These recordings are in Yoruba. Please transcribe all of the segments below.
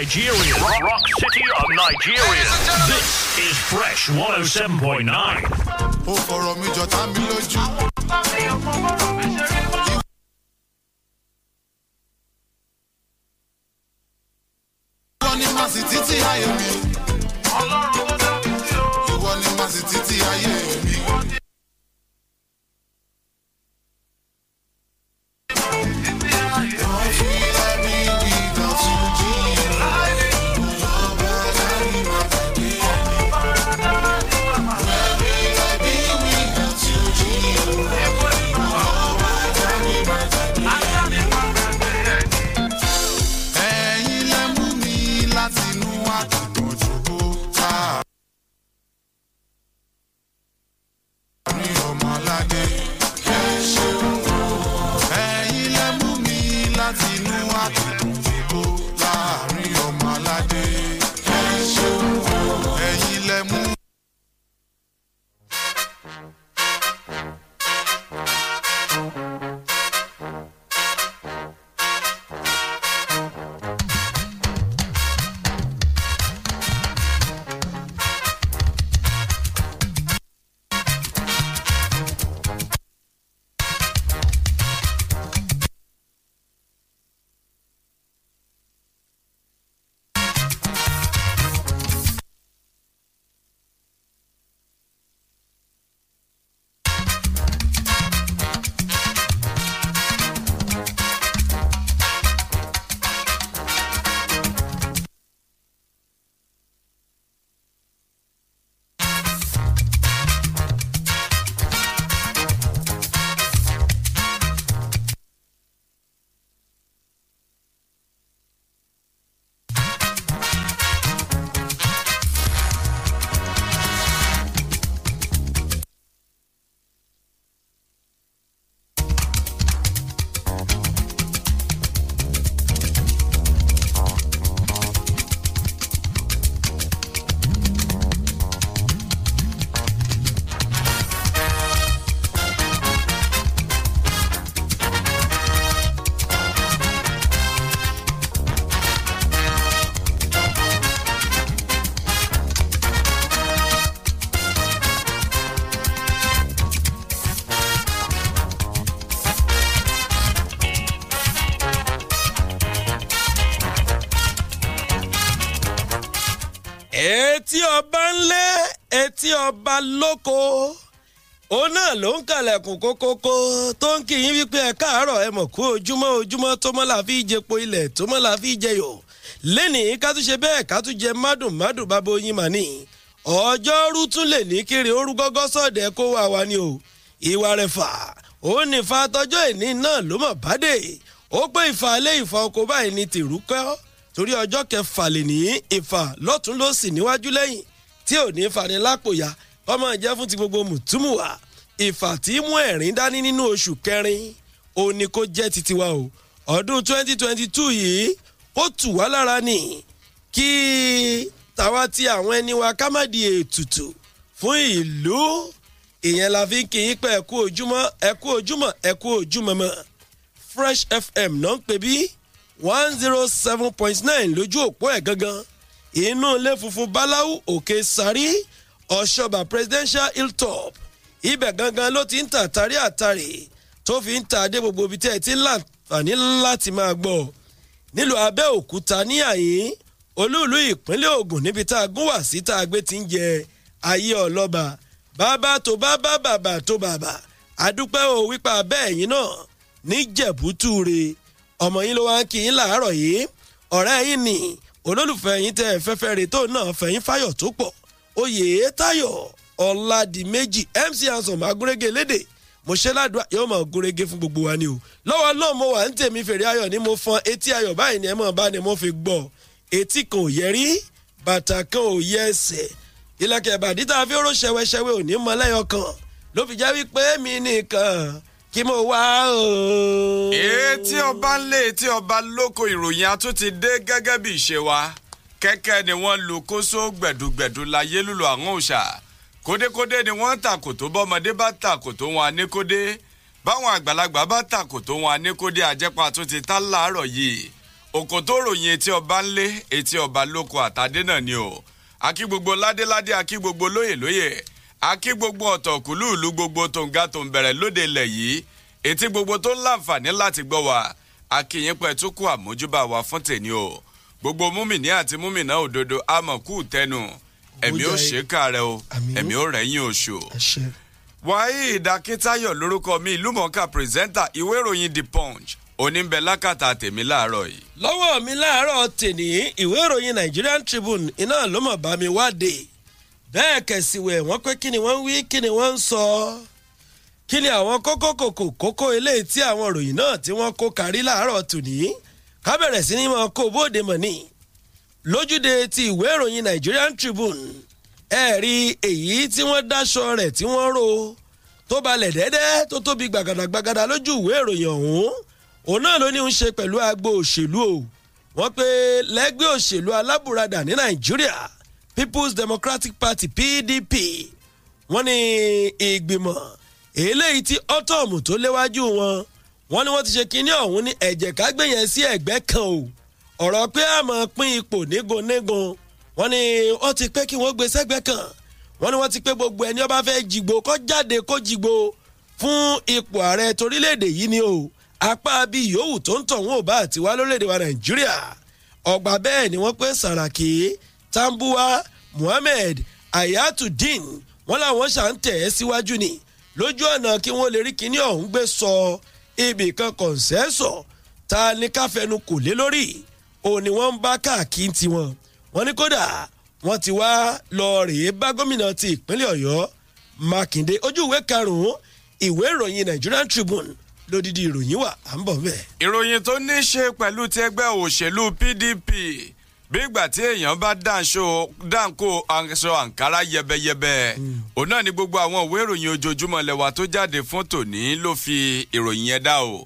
Nigeria. Rock, rock City of Nigeria. This is Fresh 107.9. àtìlẹ̀kùn kókókó tó ń kì í wípé ẹ káàárọ̀ ẹ mọ̀ kú ojúmọ́ ojúmọ́ tó mọ́ la fi jẹpo ilẹ̀ tó mọ́ la fi jẹyò lẹ́nìí ká tún ṣe bẹ́ẹ̀ ká tún jẹ mádùn mádùn bábo yín mà ní ọjọ́rú tún lè ní kiri òru gọ́gọ́ sọ̀dẹ̀ kó wà wá ni o ìwà rẹ̀ fà ó ní fa tọjọ́ ìní náà ló mọ̀ bádé ó pé ìfàlẹ́ ìfà oko báyìí ni tìrú kọ́ torí ọjọ́ kẹfà lè ní ìfà lọ́tún ló sì níwájú lẹ́yìn tí ò ní fani lápòyà ọmọ ìjẹ́ fún ti gbogbo mùtúmùwà ìfà tí mú ẹ̀rín dání nínú oṣù kẹrin òun ni kó jẹ́ titi wa o ọdún 2022 yìí ó tù wá lára ni kí tàwa ti àwọn ẹni wa ká má di ètùtù fún ìlú ìyẹn la fi ń kì í pẹ́ ẹ̀kú ojúmọ́ ẹ̀kú ojúmọ́ ẹ̀kú ojúmọ́mọ́ Fresh FM náà ń pè bí one zero oh seven point nine lójú òpó ẹ̀ gangan inú ilé funfun báláwú òkè sáré ọ̀ṣọ́bà presidential hilltop ibẹ̀ gangan ló ti ń tàn tarí àtarè tó fi ń ta dé gbogbo ibi tẹ́ ẹ ti láǹfààní láti máa gbọ́ nílùú Abẹ́òkúta ní àyín olúùlú ìpínlẹ̀ Ògùn níbi tá a gún wá sí tá a gbé ti ń jẹ ayé ọlọ́ba bàbá tó bàbá bàbá tó bàbá àdúpẹ́ ò wípa bẹ́ẹ̀ yín náà níjẹ̀bútúre ọmọ yín ló wá ń kí yín làárọ̀ yìí ọ̀rẹ́ yín ni olólùfẹ́ yín tẹ́ fẹ́fẹ́ rè tó náà fẹ̀yìn fáyọ̀ tó pọ̀ oyè táyọ̀ ọ̀làdìmẹ́jì mc ansom agúnrégé lédè mo ṣe ládùúgbà yóò mọ̀ gúnrégé fún gbogbo wa ni o lọ́wọ́ náà mo wà ń tèmi fèrè ayọ̀ ni mo fọn etí ayọ̀ báyìí ni ẹ mọ̀ bá ni mo fi gbọ́ etí kan ò yẹ rí bàtà kan ò yẹ ẹsẹ̀ ìlẹ̀kẹ̀ ìbàdí tá a fi ró ṣẹwẹ́ṣẹwẹ́ òní mọ lẹ́yọ kan ló fi jẹ́ wípé mi nìkan kí mo wá o. etí ọba ń lé etí ọba lóko ìròyìn atún dé gẹ́gẹ́ bí ìṣe wa kẹ́kẹ́ ni wọ́n lu kóso gbẹ̀dúgbẹ̀dú láyé lùlù àwọn òòṣà kódékódé ni wọ́n ń tàkòtò bọ́mọdé bá tàkòtò wọn anékódé báwọn àgbàlagbà bá tàkòtò wọn anékódé àjẹpà tó ti tá láàárọ̀ yìí òkò tó ròyìn etí ọba ńlé etí ọba lóko àtàdé náà ni o akí gbogbo ládéládé akí gbogbo lóyè lóyè akí gbogbo ọ̀tọ̀kùlú ìlú gbogbo tòǹga tó ń bẹ̀rẹ̀ lóde ilẹ̀ yìí etí gbogbo tó ń láǹfààní láti gbọ́ wa akíyín pẹ̀ tó kú àmójúbà wa fún tèmi o gbogbo múmìnì àti múmìnà òdodo amọ̀kú tẹnu ẹ̀mí ò ṣèkà rẹ o ẹ̀mí ò rẹ̀yìn oṣù o. Waheed Akíntayọ̀ lórúkọ mi ìlúmọ̀ọ́ká pírẹsẹ́ńtà ìwé ìròyìn The Punch oníbẹ̀ lákàtà tèmi láàárọ̀ yìí. lọ́wọ́ mi láàárọ̀ tèmi ìwé ìròyìn Nigerian Tribune iná ló mọ̀ bá mi wáde bẹ́ẹ̀ kẹ̀sìwẹ̀ wọ́n pé kí ni wọ́n ń wí kí ni wọ́n ń sọ kí ni àwọn kókó kòkò kókó eléyìí tí àwọn ìròyìn náà tí wọ́n kó kárí láàárọ̀ tòní ká bẹ̀rẹ̀ sí ni máa kó bóde mọ̀ ni lójúde ti ìwé ìròyìn Nigerian Tribune ẹ̀rí èyí tí wọ́n dáṣọ rẹ̀ tí wọ́n rò tó balẹ̀ dẹ́dẹ́ tó tóbi gbàgàdàgbàgàdà lójú ìwé ìròyìn ọ̀hún òun náà ló ní ń ṣe pẹ̀lú agbo òṣèlú o wọ́n pe lẹ́gbẹ́ òṣèlú alábùradà ní Nàìjíríà People's Democratic Party PDP wọ́n ní ìgbìmọ̀ eléyìí tí autumn tó léwájú wọn wọ́n ní wọ́n ti ṣe kinní ọ̀hún ní ẹ̀jẹ̀ kágbé yẹn sí ẹ̀gbẹ́ kan o ọ̀rọ̀ pé àmọ́ pín ipò nígunnígun wọ́n ní ó ti pé kí wọ́n gbé sẹ́gbẹ́ kan wọ́n ní wọ́n ti pé gbogbo ẹni ó bá fẹ́ jìgbó kó jáde kó jìgbó fún ipò ààrẹ torílẹ̀ yìí ni o apá bíi yòówù tó ń tọ̀hún ò bá àti wá lórílẹ̀-èdè wa nàìjíríà ọgbà bẹ́ẹ̀ ni wọ́n pé sàràkí tambuwa muhammed ayatudeen wọ́n làwọn ṣàǹtẹ̀ ẹ́ síwájú ni lójú ọ̀nà kí wọ́n lè rí kinní ọ̀hún gbé sọ ibì kọ̀ǹsẹ́sọ̀ ta ni ká kò lé lórí òun ni wọ́n ń bá káàkiri tiwọn wọ́n ní kódà wọ́n ti wá lọ rèé bá gómìnà ti ìpínlẹ̀ ọ̀yọ́ mákindé ojú ìwé karùn-ún ìwé ìròyìn nigerian tribune lódìdí ìròyìn wà à ń bọ̀ bẹ́ẹ̀. ìròyìn tó ní í ṣe pẹ̀lú ti ẹgbẹ́ òṣèlú pdp bí ìgbà tí èèyàn bá dáńkó aṣọ àǹkárá yẹbẹyẹbẹ hmm. òun náà ni gbogbo àwọn ìwé ìròyìn ojoojúmọ́ lẹ́wà tó jáde fún tòní ló fi ìròyìn yẹn dá o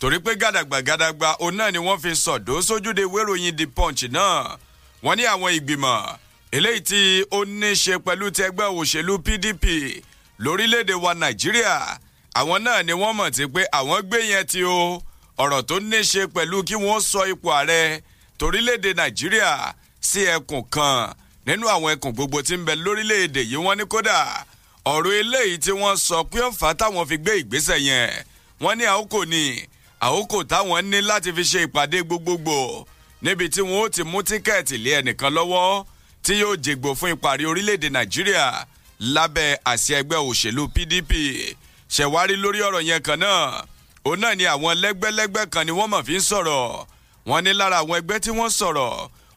torí pé gàdàgbà gàdàgbà òun náà ni wọ́n fi sọ̀dọ̀ sójúde wéròyìn the punch náà wọ́n ní àwọn ìgbìmọ̀ eléyìí tí ó ní ṣe pẹ̀lú ti ẹgbẹ́ òṣèlú PDP lórílẹ̀‐èdè wa Nàìjíríà àwọn náà ni wọ́n mọ̀ tí pé àwọn gbé yẹn ti o ọ̀rọ̀ tó ní ṣe pẹ̀lú kí wọ́n sọ ipò ààrẹ torílẹ̀‐èdè Nàìjíríà sí ẹkùn kan nínú àwọn ẹkùn gbogbo tí ń bẹ lórílẹ̀‐èdè yìí wọ́n ní kódà ọ̀rọ̀ eléyìí tí wọ́n sọ pé ọ̀fà táwọn fi gbé ìgbésẹ̀ yẹn wọ́n ní àókò ni àkókò táwọn ní láti fi ṣe ìpàdé gbogbogbò níbi tí wọn ó ti mú tíkẹ́ẹ̀tì lé ẹnìkan lọ́wọ́ tí yóò jègbò fún ìparí orílẹ̀-èdè nàìjíríà lábẹ́ àsíá ẹgbẹ́ òṣèlú pdp ṣẹ̀wárí lórí ọ̀rọ̀ yẹn kan náà òun náà ni àwọn lẹ́gbẹ́lẹ́gbẹ́ kan ni wọ́n mọ̀ fi ń sọ̀rọ̀ wọ́n ní lára àwọn ẹgbẹ́ tí wọ́n sọ̀rọ̀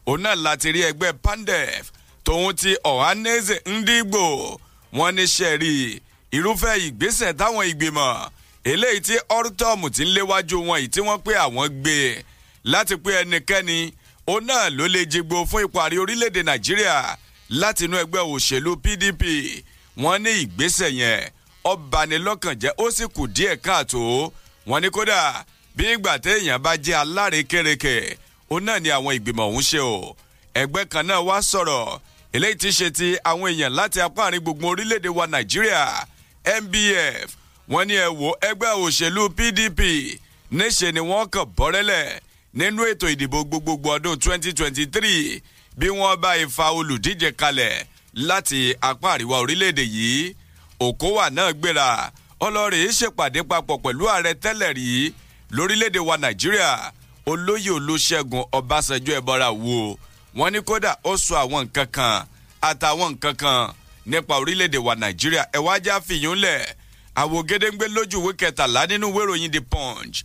òun náà láti rí ẹgbẹ́ pandef tòun ti ọ̀hánẹ́sẹ̀ ndigbo wọ́n ní sẹ́ẹ̀rì irúfẹ́ ìgbésẹ̀ táwọn ìgbìmọ̀ eléyìí tí ortom ti ń léwájú wọn yìí tí wọ́n pé àwọn gbé e láti pé ẹnikẹ́ni ó náà ló lè jigbó fún ipò orílẹ̀-èdè nàìjíríà látinú ẹgbẹ́ òṣèlú pdp wọ́n ní ìgbésẹ̀ yẹn ó bani lọ́kàn jẹ́ ó sì kù díẹ̀ káàtó wọ́n ní kódà bí ìgbà téèyàn bá jẹ́ alárékérekè ó náà ni àwọn ìgbìmọ̀ ọ̀hún ṣe o ẹgbẹ́ kan náà wá sọ̀rọ̀ eléyìí ti ṣe ti àwọn èèyàn láti apá àárín gbùngbùn orílẹ̀-èdè wa nàìjíríà MBF wọ́n ní ẹ wo òṣèlú PDP níṣe ni wọ́n kàn bọ́rẹ́lẹ̀ nínú ètò ìdìbò gbogbogbò ọdún 2023 bí wọ́n bá ìfa olùdíje kalẹ̀ láti apá àríwá orílẹ̀-èdè yìí Okowa náà gbéra ọlọ́rẹ̀ ṣèpàdé papọ̀ pẹ̀lú ààrẹ tẹ́lẹ̀ rí lórílẹ̀-èdè wa Nàìjíríà olóyè Olúṣẹ́gun Ọbásanjọ́ ẹ̀bọra wo wọ́n ní kódà ó sọ àwọn nǹkan kan àtàwọn nǹkan kan nípa orílẹ̀-èdè wa Nàìjíríà ẹ̀wájá fìyún àwò gédéǹgbé lójú ìwé kẹtàlá nínú ìwé ìròyìn the punch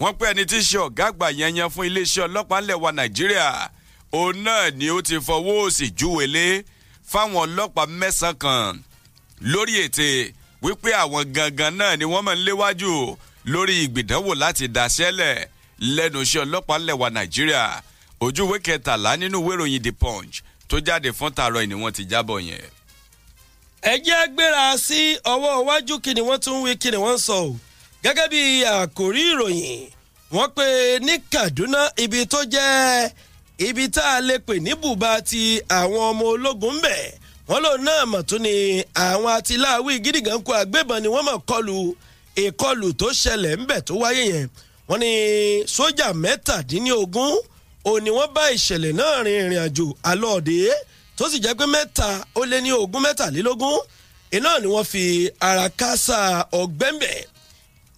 wọ́n pé ẹni tí í ṣe ọ̀gá àgbà yẹnyẹn fún iléeṣẹ́ ọlọ́pàá ńlẹ̀ wa nàìjíríà òun náà ni ó ti fọwọ́ òsì júwèlé fáwọn ọlọ́pàá mẹ́sàn-án kan lórí ète wípé àwọn gangan náà ni wọ́n máa ń léwájú lórí ìgbìdánwò láti dàṣẹ́lẹ̀ lẹ́nu iṣẹ́ ọlọ́pàá ńlẹ̀ wa nàìjíríà ojú ìwé kẹtàlá nínú ìwé ìròyìn the punch tó jáde fún tààrọ ìníwọ̀n ti jábọ̀ yẹn ẹ jẹ́ gbéra sí ọwọ́ iwájú kí ni wọ́n tún ń wí kí ni wọ́n ń sọ o gẹ́gẹ́ bí àkòrí ìròyìn wọ́n pè ní Kaduna ibi tó jẹ́ ibi tá a lè pè ní bùbá ti àwọn ọmọ ológun ń bẹ̀ wọ́n lòun náà mọ̀ tún ni àwọn atiláwí gidigan kó ni wọ́n mọ̀ kọlù ìkọlù tó ṣẹlẹ̀ ń tó wáyé yẹn wọ́n ní sójà mẹ́tàdínlógún òní wọ́n bá ìṣẹ̀lẹ̀ náà rin ìrìn àjò alọ́ọ̀dẹ́ tó sì jẹ́ pé mẹ́ta ó lé ní ogún mẹ́tàlélógún iná ni wọ́n fi ara kásá ọ̀gbẹ́mbẹ̀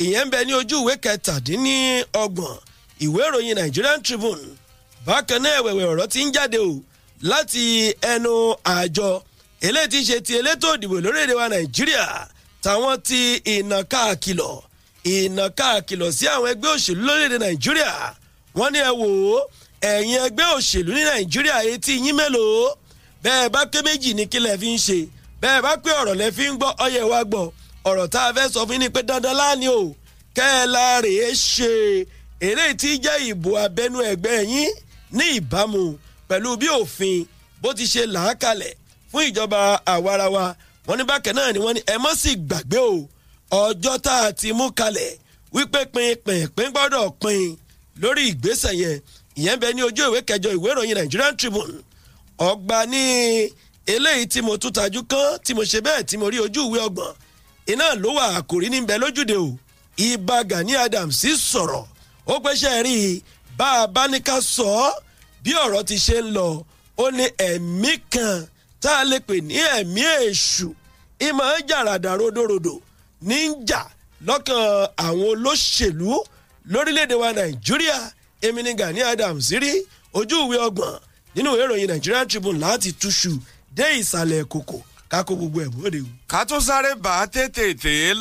ìyẹn ń bẹ ní ojú ìwé kẹtàdínlọ́gbọ̀n ìwé ìròyìn Nigerian Tribune bákan náà ẹ̀wẹ̀wẹ̀ ọ̀rọ̀ ti ń jáde o láti ẹnu àjọ eléyìí ti ṣe ti elétò òdìbò lórílẹ̀ wa Nàìjíríà táwọn ti ìnàka àkìlọ̀ ìnàka àkìlọ̀ sí àwọn ẹgbẹ́ òṣèlú lórílẹ̀‐èdè Nàìjíríà wọ́n ní ẹ wò ó ẹ̀yin ẹgbẹ́ òṣèlú ní Nàìjíríà etí yín mélòó bẹ́ẹ̀ bá pé méjì ní kílẹ̀ fi ń ṣe bẹ́ẹ̀ bá pé ọ̀rọ̀ lẹ fi ń gbọ́ ọyẹ wa gbọ́ ọ̀rọ̀ tá a fẹ́ sọ fún ni pé dandan láàní o kẹ́ ẹ la rèé ṣe eléyìí tí jẹ́ ìbò abẹ́nú ẹgbẹ́ yín ní ìbámu pẹ̀lú bí òfin bó ti ṣe làákàlẹ̀ fún ìjọba àwarawa wọ́n ní bákẹ́ náà ni wọ́n ní ẹ má sì gbàgbé o ọjọ́ tá a ti mú kalẹ̀ wípé pinpin pin gbọ́dọ̀ pin lórí ìgbésẹ̀ yẹn ìyẹn bẹ ní ojú ìwé kẹjọ ìwé ìròyìn Nigerian Tribune ọgbà ní eléyìí tí mo tún tajú kán tí mo ṣe bẹ́ẹ̀ tí mo rí ojú ìwé ọgbọ̀n iná ló wà àkòrí níbẹ̀ lójúde o Ìbà Gani Adams sì sọ̀rọ̀ ó pẹ́ṣẹ́ rí i bá a bá ní ká sọ ọ́ bí ọ̀rọ̀ ti ṣe ń lọ ó ní ẹ̀mí kan tá a lè pè ní ẹ̀mí èṣù ìmọ̀ ń jàràdà rodorodo ní ń jà lọ́kàn àwọn olóṣèlú lórílẹ̀‐èdè wa Nàìjíríà èmi ni Gani Adams rí ojú ìwé ọgbọ̀n nínú ìwé ìròyìn Nigerian Tribune láti túṣu dé ìsàlẹ̀ kòkò kákó gbogbo ẹ̀ bóde. ká tó sáré bá a tètè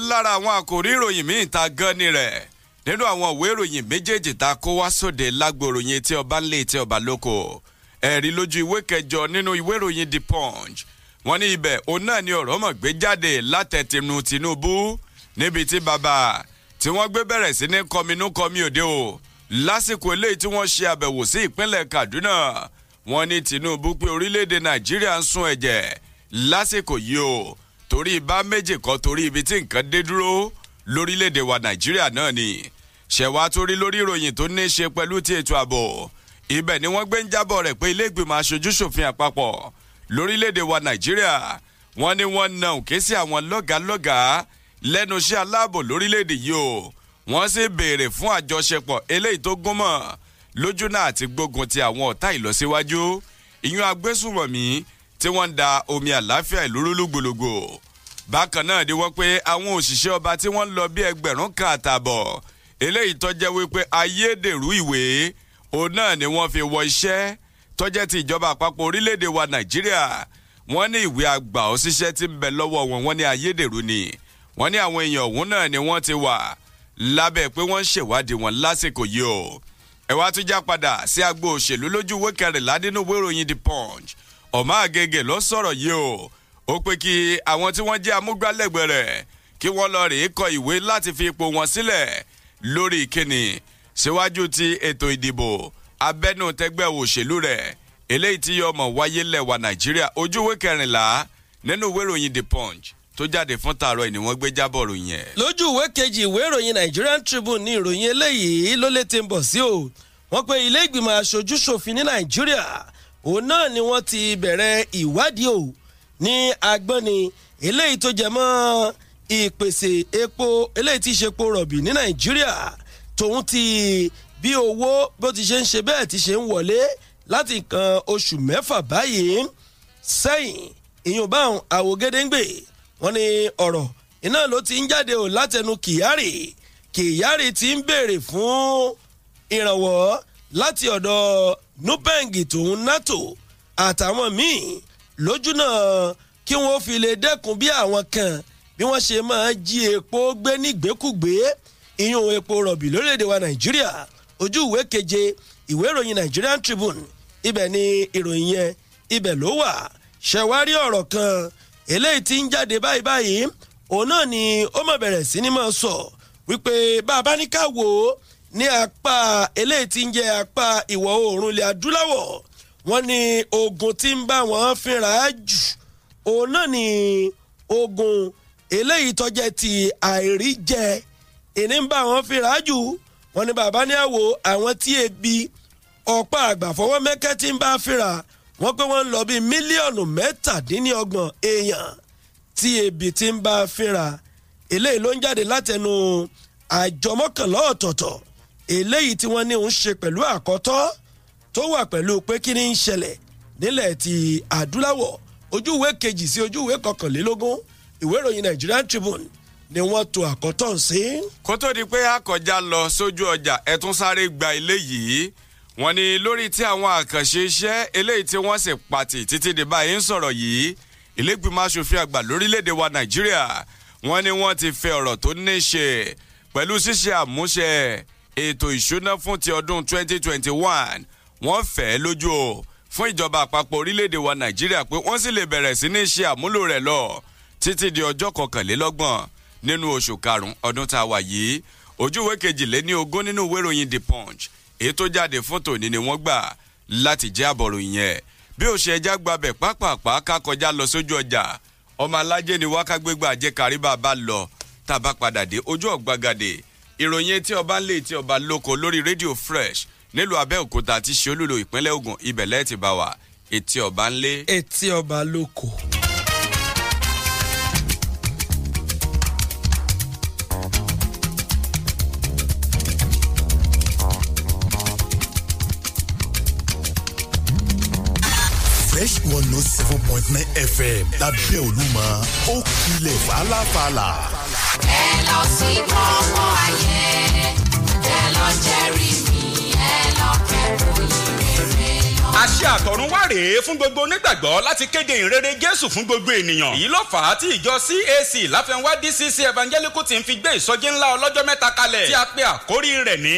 lára àwọn àkòrí ìròyìn míì ta gan ni rẹ̀ nínú àwọn ìwé ìròyìn méjèèjì tá kó wá sóde lágbòròyìn etí ọba ńlé etí ọba lóko ẹ̀rí lójú ìwé kẹjọ nínú ìwé ìròyìn The Punch wọ́n ní ibẹ̀ òun náà ni ọ̀rọ̀ mọ̀ gbé jáde látẹ̀tìmù Tinubu níbi tí bàbá tí wọ́n gbé bẹ̀rẹ̀ sí ní kọminú òde o lásìkò eléyìí tí wọ́n ṣe àbẹ̀wò sí ìpínlẹ̀ Kaduna wọ́n ní Tinubu pé orílẹ̀-èdè Nàìjíríà ń sun ẹ̀jẹ̀ lásìkò yìí o torí bá méjì kan torí ibi tí nǹkan dé dúró lórílẹ̀-èdè wa Nàìjíríà náà ni ṣẹ̀wá torí lórí ìròyìn tó ní í ṣe pẹ̀lú ti ètò ààbò ibẹ̀ ni wọ́n gbé ń jábọ̀ rẹ̀ pé ilé ìgbìmọ̀ aṣojúṣòfin àpapọ̀ lórílẹ̀-èdè wa Nàìjíríà wọ́n ní wọ́n na òkè sí àwọn lọ́gàálọ́gàá lẹ́nu iṣẹ́ aláàbò lórílẹ̀-èdè yìí o wọ́n sì béèrè fún àjọṣepọ̀ eléyìí tó gúnmọ́ lójú náà àti gbógun ti àwọn ọ̀tá ìlọsíwájú ìyún agbésùmọ̀mí tí wọ́n ń da omi àlàáfíà ìlú rú lúgbòlògbò bákan náà ni wọ́n pé àwọn òṣìṣẹ́ ọba tí wọ́n ń lọ bí ẹgbẹ̀rún kan àtààbọ̀ eléyìí tọ́jẹ́ wípé ayédèrú ìwé òun náà ni wọ́n fi wọ iṣẹ́ tọ́jẹ́ ti ìjọba àpapọ̀ orílẹ̀-èdè wa nàìjíríà wọ́n ní ìwé àgbà òṣìṣẹ́ tí ń bẹ lọ́wọ́ wọn wọ́n ní ayédèrú ni wọ́n ní àwọn èèyàn òun náà ni wọ́n ti wà lábẹ́ pé wọ́n ń ṣèwádìí wọn lásìkò yìí ẹ wá tún já padà sí agbo òṣèlú lójú ìwé kẹrìnlá nínú ìwé ìròyìn the punch ọmọ àgègè ló sọ̀rọ̀ yìí o ó pé kí àwọn tí wọ́n jẹ́ amúgbálẹ́gbẹ̀ẹ́ rẹ̀ kí wọ́n lọ rèé kọ ìwé láti fi ipò wọn sílẹ̀ lórí ìkíni síwájú ti ètò ìdìbò abẹ́nú tẹgbẹ́ òṣèlú rẹ̀ eléyìí tí yọmọ wáyé lẹ́wà nàìjíríà ojú ìwé kẹrìnlá nínú ìwé ìròyìn the punch tó jáde fún tààrọ ẹ̀ ni wọ́n gbé jábọ̀ ròyìn ẹ̀. lójú ìwé kejì ìwé ìròyìn Nigerian Tribune ni ìròyìn eléyìí ló lè ti ń bọ̀ sí o wọ́n pe ilé ìgbìmọ̀ aṣojú-ṣòfin ní Nàìjíríà òun náà ni wọ́n ti bẹ̀rẹ̀ ìwádìí o ní agbọ́ni eléyìí tó jẹ mọ́ ìpèsè epo eléyìí tí í ṣe epo rọ̀bì ní Nàìjíríà tòun ti bí owó bó ti ṣe ń ṣe bẹ́ẹ̀ ti ṣe ń wọlé láti nǹkan oṣù mẹ́fà báyìí sẹ́yìn ìyọ̀nbáhùn àwògedengbe wọ́n ní ọ̀rọ̀ iná ló ti ń jáde o látẹnu kyari kyari ti ń béèrè fún ìrànwọ́ láti ọ̀dọ̀ nupeng tòun nato àtàwọn míì lójú náà kí wọ́n fi lè dẹ́kun bí àwọn kan bí wọ́n ṣe máa jí epo gbé nígbèkúgbé ìyún epo rọ̀bì lórílẹ̀‐èdè wa nàìjíríà ojú ìwé keje ìwé ìròyìn Nigerian Tribune ibẹ̀ ni ìròyìn yẹn ibẹ̀ ló wà ṣẹ̀wárí ọ̀rọ̀ kan eléyìí tí ń jáde báyìí báyìí òun náà ni ó mọ̀ bẹ̀rẹ̀ sí ni máa sọ wípé bá a bá ní ká wò ó ní apá eléyìí tí ń jẹ́ apá ìwọ̀ oòrùn ilẹ̀ adúláwọ̀ wọ́n ní ogun tí ń bá wọn fínra jù òun náà ni ogun eléyìí tó jẹ́ ti àìríjẹ ìní ń bá wọn fínra jù wọ́n ní bàbá ní àwò àwọn tí ebi ọ̀pá àgbàfọwọ́ mẹ́kẹ́ tí ń bá fínra wọ́n pé wọ́n ń lọ bíi mílíọ̀nù mẹ́tàdínlọ́gbọ̀n èèyàn tí ebi ti ń bá a fínra eléyìí ló ń jáde látẹnu àjọ mọ́kànlá ọ̀tọ̀ọ̀tọ̀ eléyìí tí wọ́n ní ń ṣe pẹ̀lú àkọ́tọ́ tó wà pẹ̀lú pé kí ni ń ṣẹlẹ̀ nílẹ̀ ti adúláwọ̀ ojú kejì sí ojú kọkànlélógún ìwé ìròyìn Nigerian Tribune ni wọ́n to àkọ́tọ̀ sí. kó tó di pé a kọjá lọ sójú ọjà ẹ tún sáré gba eléyìí wọ́n ní lórí tí àwọn àkànṣe iṣẹ́ eléyìí tí wọ́n sì pàtì títí di báyìí ń sọ̀rọ̀ yìí ìlẹ́gbìmọ̀ asòfin àgbà lórílẹ̀ wa nàìjíríà wọ́n ní wọ́n ti fẹ́ ọ̀rọ̀ tó ní í ṣe pẹ̀lú ṣíṣe àmúṣe ètò ìṣúná fún ti ọdún 2021 wọ́n fẹ́ lójú o fún ìjọba àpapọ̀ orílẹ̀‐èdè wa nàìjíríà pé wọ́n sì lè bẹ̀rẹ̀ sí ní ṣe àmúlò rẹ̀ lọ títí di ọjọ́ kọkànlélọ́gbọ̀n nínú oṣù karùn-ún ọdún tá a wà yìí ojúwe kejìléní ogún nínú ìwé ìròyìn The Punch èyí tó jáde fún tòní ni wọ́n gbà láti jẹ́ àbọ̀ròyìn yẹn bí ó ṣe ẹja gbabẹ̀ pápápá ká lọ sójú ọjà ọmọ alájẹ ni wákàgbégbà àjẹ kàríbà bá lọ tá a bá padà dé ojú ọ̀gbagadè ìròyìn etí ọba ń lé etí ọba lóko lórí rédíò fresh nílùú abẹ́òkúta àti ṣolúlo ìpínlẹ̀ ògùn ibẹ̀ lẹ́ẹ̀tì bá wà etí ọba ń lé. etí ọba lóko. fresh one note oh seven point nine fm lábẹ́ olúmọ ó kilẹ̀ fàlàfàlà. ẹ lọ sí gbọ́ngàn ayé ẹ lọ jẹ́rìí mi ẹ lọ kẹ́rù àṣẹ àtọ̀run wá rèé fún gbogbo onígbàgbọ́ láti kéde ìrere Jésù fún gbogbo ènìyàn. èyí ló fà á tí ìjọ CAC láfẹnwá DCC evangelical ti ń fi gbé ìsọjí ńlá ọlọ́jọ́ mẹ́ta kalẹ̀ tí a pe àkórí rẹ̀ ní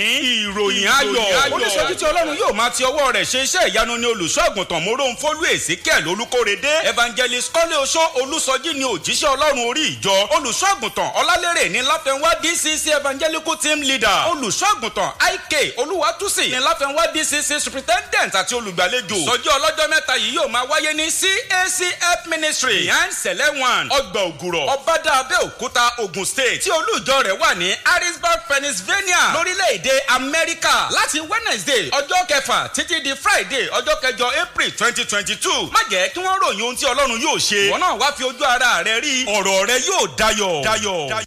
ìròyìn ayọ̀. oníṣojú tí Ọlọ́run yóò máa ti ọwọ́ rẹ̀ ṣe iṣẹ́ ìyanu ni olùṣọ́àgùntàn mórón fólú èsìkẹ́ lolúkórede evangelist kọ́lé oṣó olùsọjí ni òjíṣẹ́ Ọlọ́run orí ìjọ olùṣọ́àgùntàn ọlálérè ní láfẹnwá DCC evangelical team leader olùṣọ́àgùntàn IK olúwatúsì ní láfẹnwá DCC superintendent àti olùgbàl gbàlejò. sọjọ́ ọlọ́jọ́ mẹ́ta yìí yóò máa wáyé ní CAC help ministry behind sẹ̀lẹ̀ one ọgbà ògùrọ̀ ọbàdà abẹ́òkúta ogun state tí olùjọ rẹ̀ wà ní harrisburg pennsylvania lórílẹ̀‐èdè amẹ́ríkà láti wednesday ọjọ́ kẹfà títí di friday ọjọ́ kẹjọ april twenty twenty two má jẹ́ kí wọ́n ròyìn ohun tí ọlọ́run yóò ṣe ìwọ náà wá fi ojú ara rẹ rí ọ̀rọ̀ rẹ yóò dayọ̀ dayọ̀.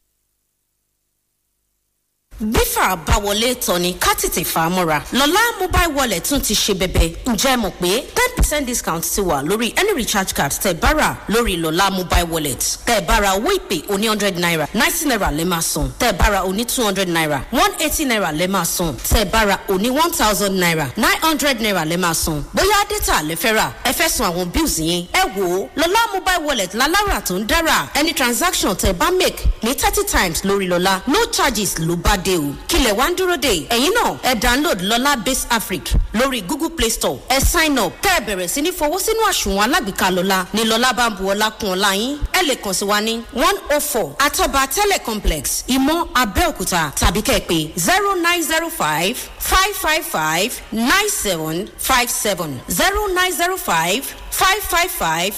bífà àbáwọlé tọ̀ ní kátìtì tètè lọ́lá mobile wallet tún ti ṣe bẹ̀bẹ̀ ǹjẹ́ mọ̀ pé ten percent discount ti wà lórí any recharge card tẹ̀ bára lórí lọ́lá mobile wallet tẹ̀ bára owó ìpè oní hundred naira ninety naira lẹ́ máa san tẹ̀ bára oní two hundred naira one eighty naira lẹ́ máa san tẹ̀ bára oní one thousand naira nine hundred naira lẹ́ máa san bóyá data lẹ́ fẹ́ rà ẹ fẹ́ san àwọn bills ẹ wò ó lọ́lá mobile wallet lálára tó ń dára any transaction tẹ̀ bá make ní thirty times lórí lọ́lá no charges ló bá dé o kílẹ̀ wá ń dúró dé ẹ̀yin náà ẹ download lọ́lá base africa lórí google play store ẹ sign up kẹ́ ẹ bẹ̀rẹ̀ sí ní fowó sínú àsùnwọ̀n alágbèéká lọ́lá ní lọ́lá bá ń bu ọlá kún ọlá yín ẹ lè kàn sí wa ní one oh four atọ́ba telecomplex ìmọ̀ abẹ́òkúta tàbí kẹ́ ẹ pé zero nine zero five five five five nine seven five seven zero nine zero five five five five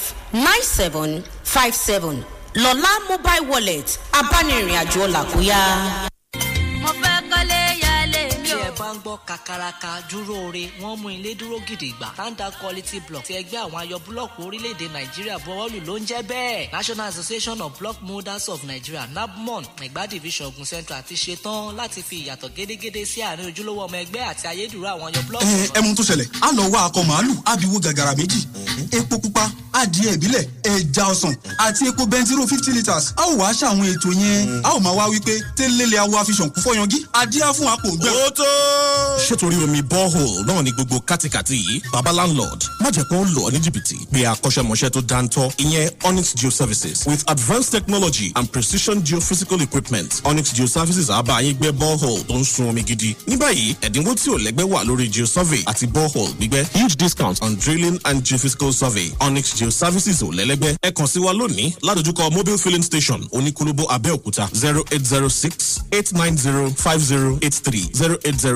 nine seven five seven lọ́lá mobile wallet abánirìnàjò ọ̀làkúyà bá ń gbọ́ kàkàràkà dúró ore wọ́n mú ilé dúró gidigba tanda quality block ti ẹgbẹ́ àwọn ayọ̀ búlọ̀kù orílẹ̀-èdè nàìjíríà buwọ́lù ló ń jẹ́ bẹ́ẹ̀ national association of block molders of nigeria nabmon ẹ̀gbá division ogun central ti ṣe tán láti fi ìyàtọ̀ gédégédé sí àárín ojúlówó ọmọ ẹgbẹ́ àti ayédùrú àwọn ayọ̀ búlọ̀kù. ẹ ẹ mú tó ṣẹlẹ̀ á lọ wá akọ màálù àbíwó gàgàrà méjì epo pupa adìẹ ìbílẹ̀ ẹja ọsàn àti epo bẹntiró fifty litres a ó wàá ṣàwọn ètò yẹn a ó máa wá wípé télélẹ̀ awo àfihàn kú fọyangí adíá fún àpò ògbẹ́. ó tó ṣètòrí omi borehole náà ni gbogbo kátikàti yìí baba landlord má jẹ́ kó lọ ní jìbìtì pé akọ́ṣẹ́mọṣẹ́ tó dáńtọ́ ìyẹn onyx geoservices with advanced technology and precision geophysical equipment onyx geoservices á bá yín gbẹ́ borehole tó ń sun omi gidi ní báyìí ẹ̀dínwó tí ò lẹ́gbẹ́ wà lórí geosurvey àti borehole gbígbẹ́ huge discount on drilling and geophysical survey onyx geoservices ò lẹ́lẹ́gbẹ́ ẹ kàn sí wa lónìí ládojúkọ mobile filling station oníkólóbó abẹ́òkúta zero eight zero six eight nine zero five zero eight three zero eight zero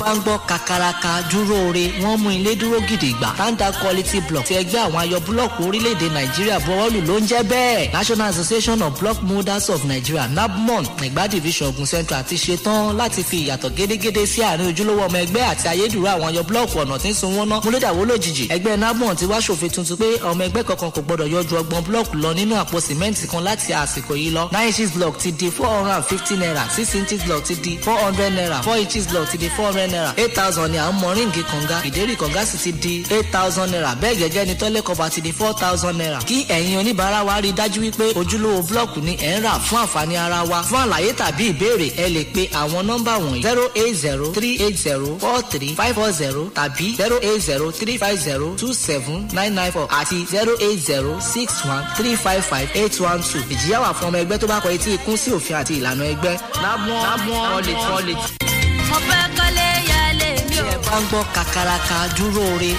bá ń gbọ́ kàkàràkà dúró re wọ́n mú ilé dúró gidigba tanda quality block ti ẹgbẹ́ àwọn ayọ̀ búlọ̀kù orílẹ̀-èdè nàìjíríà bọ́ọ̀lù ló ń jẹ́ bẹ́ẹ̀ national association of block molders of nigeria nabmon ẹ̀gbá division ogun central ti ṣetán láti fi ìyàtọ̀ gédégédé sí àárín ojúlówó ọmọ ẹgbẹ́ àti ayédùrú àwọn ayọ̀ búlọ̀kù ọ̀nà tí ń sun wọn ná múlẹ̀dàwó lójijì ẹgbẹ́ nabmon ti wá ṣòfin tuntun pé ọmọ ẹgbẹ́ kankan kò gbọdọ̀ yọ ju ọgbọ̀n búlọ̀kù lọ nínú àpò sìmẹ́ǹtì kan láti àsìkò yìí lọ nine inches block ti four hundred and fifty naira six inches block ti four hundred naira four inches block ti four hundred naira eight thousand ni à ń mọ ríǹgì kànga ìdérí kànga sì ti di eight thousand naira bẹ́ẹ̀ gẹ́gẹ́ ni tọ́lẹ̀ ti di four thousand naira kí ẹ̀yin oníbàárà wa rí dájú wípé ojúlówó búlọ́ọ̀kù ni ẹ̀ ń rà fún àǹfààní ara wa fún àlàyé tàbí ìbéèrè ẹ lè pe àwọn nọ́mbà wọ̀nyí zero eight zero three eight zero four three five four zero tàbí zero eight zero three five zero two seven nine nine four àti zero eight zero six one three five five eight one two ìjìyà wà fún ọmọ ẹgbẹ́ tó bá kọ etí ikún sí òfin àti ìlànà ẹgbẹ́. lábọ́n ọ̀lẹ̀ ọ̀lẹ̀ mo fẹ́ kọ́lé yálé mi ẹ bá ń gbọ́ kàkàràkà dúró re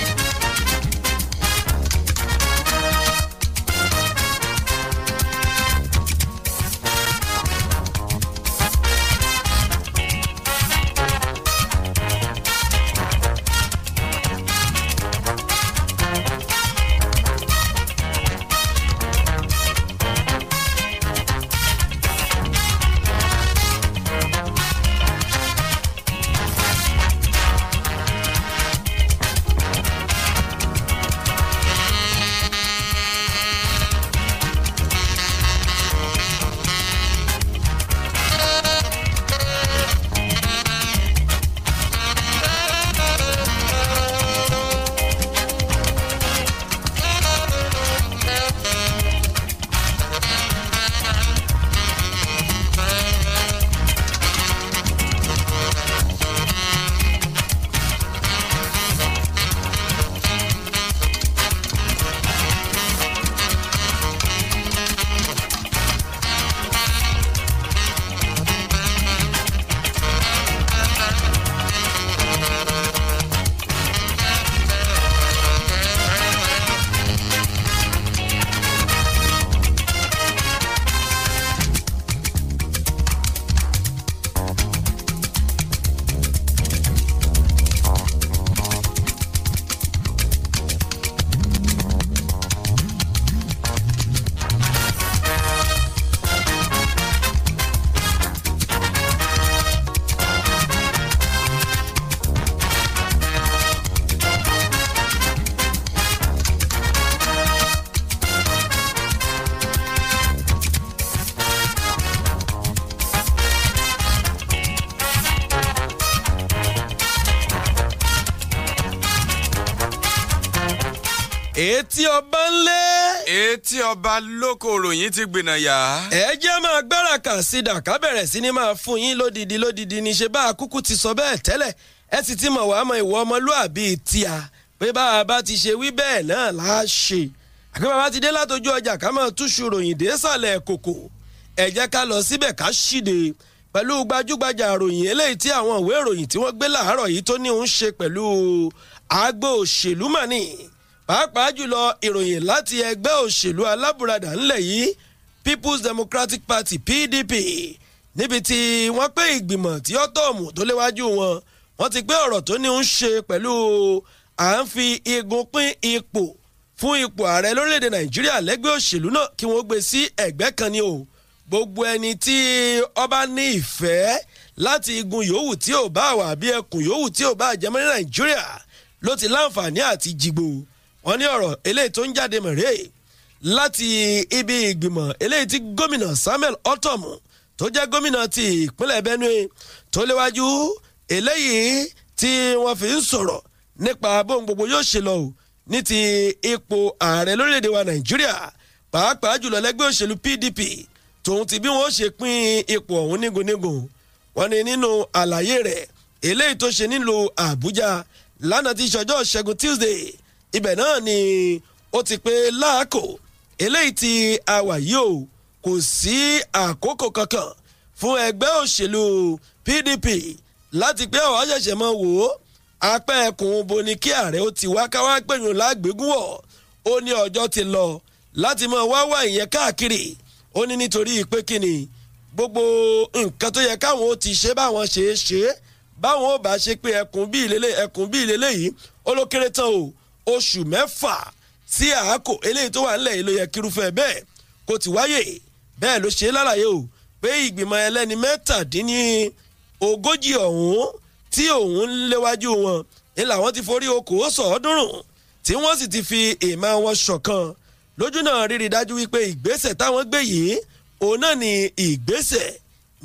bàbá lóko ròyìn ti gbìnà yá. ẹ jẹ́ máa gbára kà sí dàkà bẹ̀rẹ̀ sí ni máa fún yín lódìdí lódìdí ní ṣe bá a kúkú ti sọ bẹ́ẹ̀ tẹ́lẹ̀ ẹ sì ti mọ̀ wá mọ ìwọ ọmọlúàbí tíya pé bá a bá ti ṣe wí bẹ́ẹ̀ náà là á ṣe àbí bàbá ti dé látọjú ọjà ká máa túṣu ròyìn dé sàlẹ̀ kòkò ẹ jẹ́ ká lọ síbẹ̀ ká ṣíde pẹ̀lú gbajúgbajà ròyìn eléyìí tí àwọn ìwé ìròyìn tí wọ́n gbé láàárọ̀ yìí tó ní òun ṣe pẹ̀lú àgbò òṣèlú mọ̀ nìyí pàápàá jùlọ ìròyìn láti ẹgbẹ́ òṣèlú alábùradà ńlẹ̀ yìí People's Democratic Party PDP níbi tí wọ́n pé ìgbìmọ̀ tí ó tọ̀mù tó léwájú wọn wọ́n ti gbé ọ̀rọ̀ tó ní ń ṣe pẹ̀lú à ń fi igun pín ipò fún ipò ààrẹ lórílẹ̀‐èdè Nàìjíríà lẹ́gbẹ́ òṣèlú náà kí wọ́n gbé sí ẹ̀gbẹ́ kan ni o gbogbo ẹni tí ó bá ní ìfẹ́ láti igun yòówù tí ò bá wà bí ẹkùn yòówù tí ò bá jẹmọ́ ní Nàìjíríà ló ti láǹfààní àti jìgbò wọ́n ní ọ̀rọ̀ eléyìí tó ń jáde mọ̀rẹ́ láti ibi ìgbìmọ̀ eléyìí tí gómìnà samuel otom tó jẹ́ gómìnà ti ìpínlẹ̀ benue tó léwájú eléyìí tí wọ́n fi ń sọ̀rọ̀ nípa bóun gbogbo yóò ṣe lọ o ní ti ipò ààrẹ lórílẹ̀‐èdè wa nàìjíríà pàápàá jùlọ lẹ́gbẹ́ òṣèlú pdp tòun ti bí wọ́n ṣe pín ipò ọ̀hún nígunnígun wọ́n ní nínú àlàyé rẹ̀ eléyìí tó ṣe nílùú àbújá lánàá ti ṣọjọ́ ṣẹ́gun tuesday ibẹ̀ náà ni ó ti pé láàkó eléyìí tí a yìí o kò sí àkókò kankan fún ẹgbẹ́ òṣèlú PDP láti pé àwọn àṣẹ̀ṣẹ̀ mọ́ wò ó apẹ́ ẹkùn bo ni kí ààrẹ ó ti wá káwá gbẹ̀yìn lágbègúwọ̀ ó ní ọjọ́ ti lọ láti máa wá wá ìyẹn káàkiri ó ní nítorí pé kí ni gbogbo nǹkan tó yẹ káwọn ó ti ṣe báwọn ṣe é ṣe báwọn ó bá ṣe pé ẹkùn bíi lélẹ̀ ó ló kéré tán o oṣù mẹ́fà sí àákò eléyìí tó wà ńlẹ̀ yìí ló yẹ kírúfẹ́ bẹ́ẹ̀ kó ti wáyè bẹ́ẹ̀ ló ṣe lálàyé o pé ìgbìmọ̀ ẹlẹ́ni mẹ́tàdínní ogójì ọ̀hún tí òun ń léwájú wọn ni làwọn ti forí okòó sọ̀ọ́dúnrún tí wọ́n sì ti fi ìmọ̀ wọn ṣọ̀kan lójú náà rírí dájú wípé ìgbésẹ̀ táwọn gbé yìí òun náà ni ìgbésẹ̀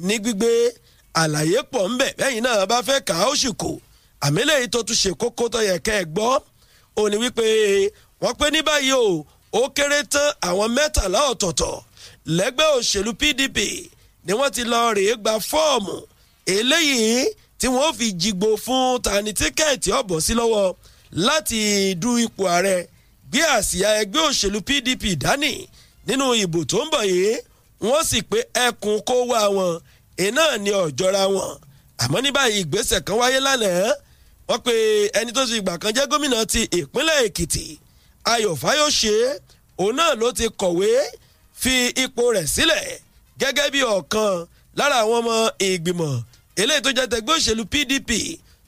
ní gbígbé àlàyé pọ̀ ńbẹ̀ bẹ́yìn náà bá fẹ́ kà á ó sì kò àmì lẹ́yìn tó tún ṣe kókó tó yẹ kẹ́ ẹ gbọ́ ó ní wípé wọ́n pé ní báyìí o ó kéré tán àwọn mẹ́tàlá ọ̀tọ̀ọ̀tọ̀ lẹ́gbẹ́ òṣèlú PDP ni wọ́n ti lọ rèé gba fọ́ọ̀mù eléyìí tí wọ́n fi jìgbò fún tani tíkẹ́ẹ̀tì ọ̀bọ̀ sí lọ́wọ́ láti du ipò ààrẹ gbé àsíá ẹgbẹ́ òṣèlú PDP dání nínú ìbò tó ń bọ̀ yìí wọ́n sì pé ẹkùn kó wá wọn iná ní ọ̀jọ́ra wọn àmọ́ ní báyìí ìgbésẹ̀ kan wáyé lánàá wọ́n pe ẹni tó ti ìgbà kan jẹ́ gómìnà ti ìpínlẹ̀ èkìtì ayọ̀ fáyọ̀ṣe òun náà ló ti kọ̀wé fi ipò rẹ̀ sílẹ̀ gẹ́gẹ́ bí ọ̀kan lára àwọn ọmọ ìgbìmọ̀ eléyìí tó jẹ́ tẹgbẹ́ òṣèlú pdp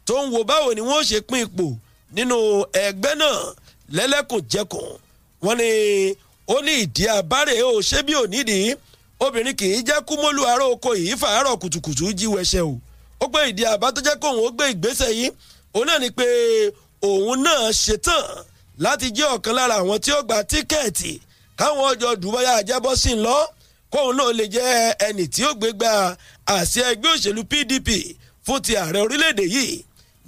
tó ń wo báwo ni wọ́n ṣe pín ipò nínú ẹgbẹ́ náà lẹ́lẹ́kùnjẹkùn wọ́n ní ó ní ìdí abáre ó ṣé bí ò nídìí obìnrin kì í jẹ́ kúmọ́lù àárọ̀ oko yìí fàárọ̀ kùtùkùtù jíwẹ́ṣẹ́ o ó pé ìdí àbá tó jẹ́ kóun ó gbé ìgbésẹ̀ yìí òun náà ni pé òun náà ṣetán láti jẹ́ ọ̀kan lára àwọn tí ó gba tíkẹ́ẹ̀tì káwọn ọjọ́ dùbọ́yà àjábọ́ sí ń lọ kóun náà lè jẹ́ ẹnì tí ó gbégbá àsíá ẹgbẹ́ òṣèlú PDP fún ti ààrẹ orílẹ̀-èdè yìí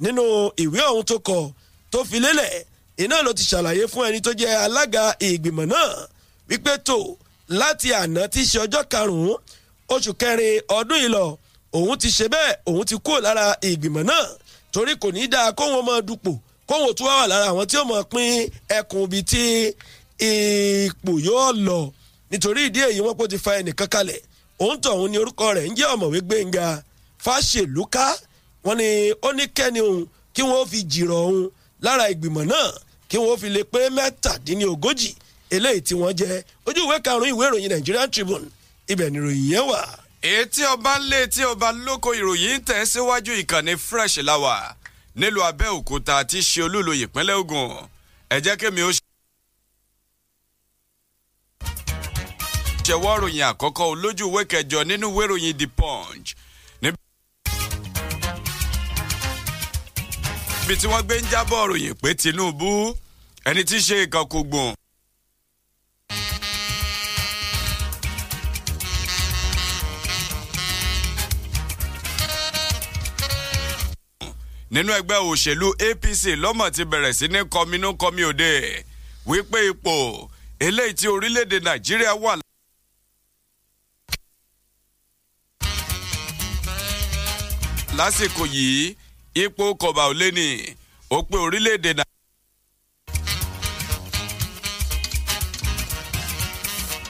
nínú ìwé ọ̀hún tó kọ tó fi lélẹ̀ iná ló ti ṣàlàyé fún ẹni tó jẹ́ alága ìgbìmọ̀ náà wípé tó láti àná tí ṣe ọjọ́ karùn-ún oṣù kẹrin ọdún yìí lọ òun ti ṣe bẹ́ẹ̀ òun ti kúrò lára ìgbìmọ̀ náà torí kò ní í dáa kóhun ọmọ dupò kóhun tó wà lára àwọn tí ó mọ̀ pín ẹkùn ibi tí ipò yóò lọ nítorí ìdí èyí wọn kò ti fa ẹnìkan kalẹ̀ òun tọ̀hún ni orúkọ rẹ̀ ń jẹ́ ọ̀mọ̀wé gbẹ̀ngà fáṣelúkà wọn ni ó ní kẹ́ni òun kí wọ́n fi jìrọ̀ òun lára ìgbìmọ̀ náà kí wọ́n fi lè pé mẹ́tàdínlógójì eléyìí tí wọ́n jẹ́ ojú ìwé karùn ìwé ìròyìn Nigerian Tribune ibẹ̀ nìròyìn yẹn wà etí ọba ńlé etí ọba lóko ìròyìn ń tẹ̀ síwájú ìkànnì fresh lawa nílùú abẹ́òkúta tí ṣe olúlo ìpínlẹ̀ ogun ẹ jẹ́ kémi ó ṣẹwọ́ ròyìn àkọ́kọ́ olójú ìwé kẹjọ nínú ìwé ìròyìn the punch níbi tí wọ́n gbé ń jábọ̀ ròyìn pé tinubu ẹni tí í ṣe ìkànkùgbọ̀n. nínú ẹgbẹ́ òṣèlú APC lọ́mọ̀ ti bẹ̀rẹ̀ sí ní kọminú kọmi òde wípé ipò eléyìí tí orílẹ̀-èdè Nàìjíríà wà. lásìkò yìí ipò kọba ò lé ní òpin orílẹ̀-èdè Nàìjíríà.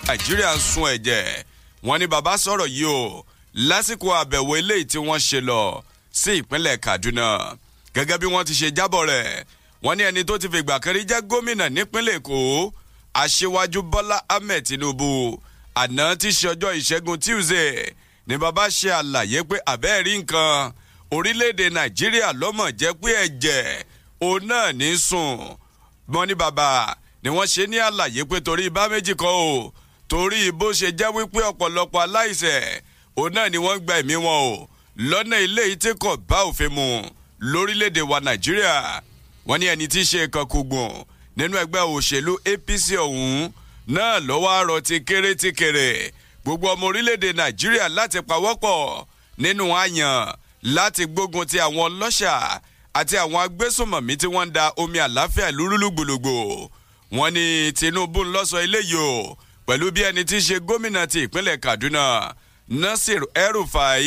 nàìjíríà sun ẹ̀jẹ̀ wọ́n ní bàbá sọ̀rọ̀ yìí o lásìkò àbẹ̀wò eléyìí tí wọ́n ṣe lọ sí ìpínlẹ̀ Kaduna gẹ́gẹ́ bí wọ́n ti ṣe jábọ̀ rẹ̀ wọ́n ní ẹni tó ti fìgbà kan rí jẹ́ gómìnà nípínlẹ̀ Èkó aṣíwájú Bọ́lá Ahmed Tinubu àná tí ṣe ọjọ́ ìṣẹ́gun Tuesday ni bàbá ṣe àlàyé pé àbẹ́ẹ̀ nǹkan orílẹ̀-èdè Nàìjíríà lọ́mọ̀ jẹ́ pé ẹ̀jẹ̀ òun náà ní sùn mọ́ ní bàbá ni wọ́n ṣe ní àlàyé pé torí bá méjì kan o torí bó ṣe jẹ́ wípé ọ̀pọ̀lọpọ̀ aláìṣẹ̀ òun náà ni wọ́n ń gba ẹ̀mí wọn o lọ́nà ilé yìí tí kò bá òfin mu lórílẹ̀‐èdè wa nàìjíríà wọ́n ní ẹni tí í ṣe kankugbọ̀n nínú ẹgbẹ́ òṣèlú APC ọ̀hún náà lọ́wọ́ àárọ̀ ti kéré ti kéré gbogbo ọmọ orílẹ̀‐èdè nàìjíríà láti pawọ́pọ̀ nínú àyàn láti gbógun ti àwọn ọlọ́ṣà àti àwọn agbésùnmọ̀mí tí wọ́n ń da omi àlàáfíà lúrúlú gbòlògbò wọ́n ní Tinubu ń lọ́sọ eléyìí o pẹ̀lú bí ẹni tí í ṣe gómìnà ti ìpínlẹ̀ Kaduna Nasir El-Rufai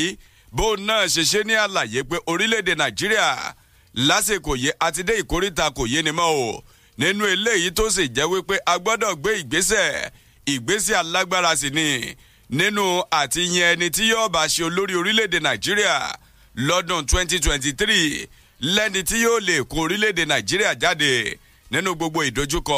bóun náà ṣe ṣe ní àlàyé pé orílẹ̀-èdè nàìjíríà lásìkò yìí àti dé ìkóríta kò yé ni mọ́ o nínú eléyìí tó sì jẹ́ wípé a gbọ́dọ̀ gbé ìgbésẹ̀ ìgbésẹ̀ alágbára sí ni nínú àti yan ẹni tí yóò bá ṣe olórí orílẹ̀-èdè nàìjíríà lọ́dún 2023 lẹ́ni tí yóò lè kó orílẹ̀-èdè nàìjíríà jáde nínú gbogbo ìdojúkọ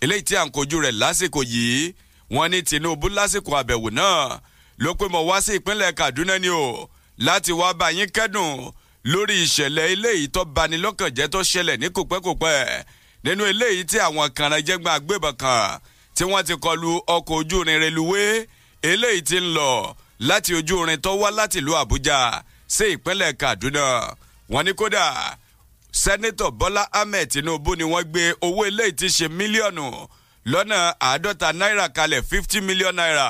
eléyìí tí à ń kojú rẹ̀ lásìkò yìí wọ́n ní tinubu lásìkò àbẹ̀wò náà ló pé mo wá sí ìpínlẹ̀ kaduna ni o láti wá bá yín kẹ́dùn lórí ìṣẹ̀lẹ̀ eléyìí tó bani lọ́kànjẹ́ tó ṣẹlẹ̀ ní kòpẹ́kòpẹ́ nínú eléyìí tí àwọn kànájẹ́gbọ́n agbébọn kan tí wọ́n ti kọlu ọkọ̀ ojú irin reluwé eléyìí ti ń lọ láti ojú irin tó wá láti ìlú Àbújá sí ìpínlẹ̀ Kaduna wọ́n ní kódà sẹ́nẹ́tọ̀ Bọ́lá Ahmed Tinubu ni wọ́n gbé owó eléyìí ti ṣe mílíọ̀nù lọ́nà àádọ́ta náírà kalẹ̀ fifty million naira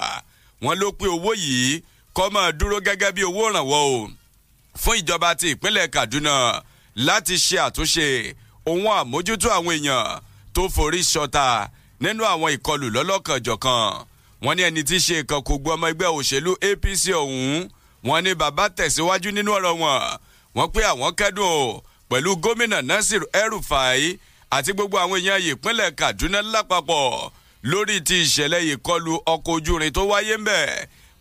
wọ́n ló pé owó yìí kó máa dúró gẹ́gẹ́ bí owó ìrànwọ́ o fún ìjọba ti ìpínlẹ̀ Kaduna láti ṣe àtúnṣe òun àmójútó àwọn èèyàn tó forí ṣọta nínú àwọn ìkọlù lọ́lọ́kanjọ̀kan wọ́n ní ẹni tí í ṣe ìkànkògbó ọmọ ẹgbẹ́ òṣèlú APC ọ̀hún wọ́n ní bàbá tẹ̀síwájú nínú ọ̀rọ̀ wọn wọ́n pé àwọn kẹ́dùn o pẹ̀lú gómìnà Nasir El-Rufai àti gbogbo àwọn èèyàn ìpínlẹ̀ Kaduna lápapọ̀ lórí ti ìṣẹ̀lẹ̀ ìkọlù ọkọ̀ ojú irin tó wáyé ńbẹ̀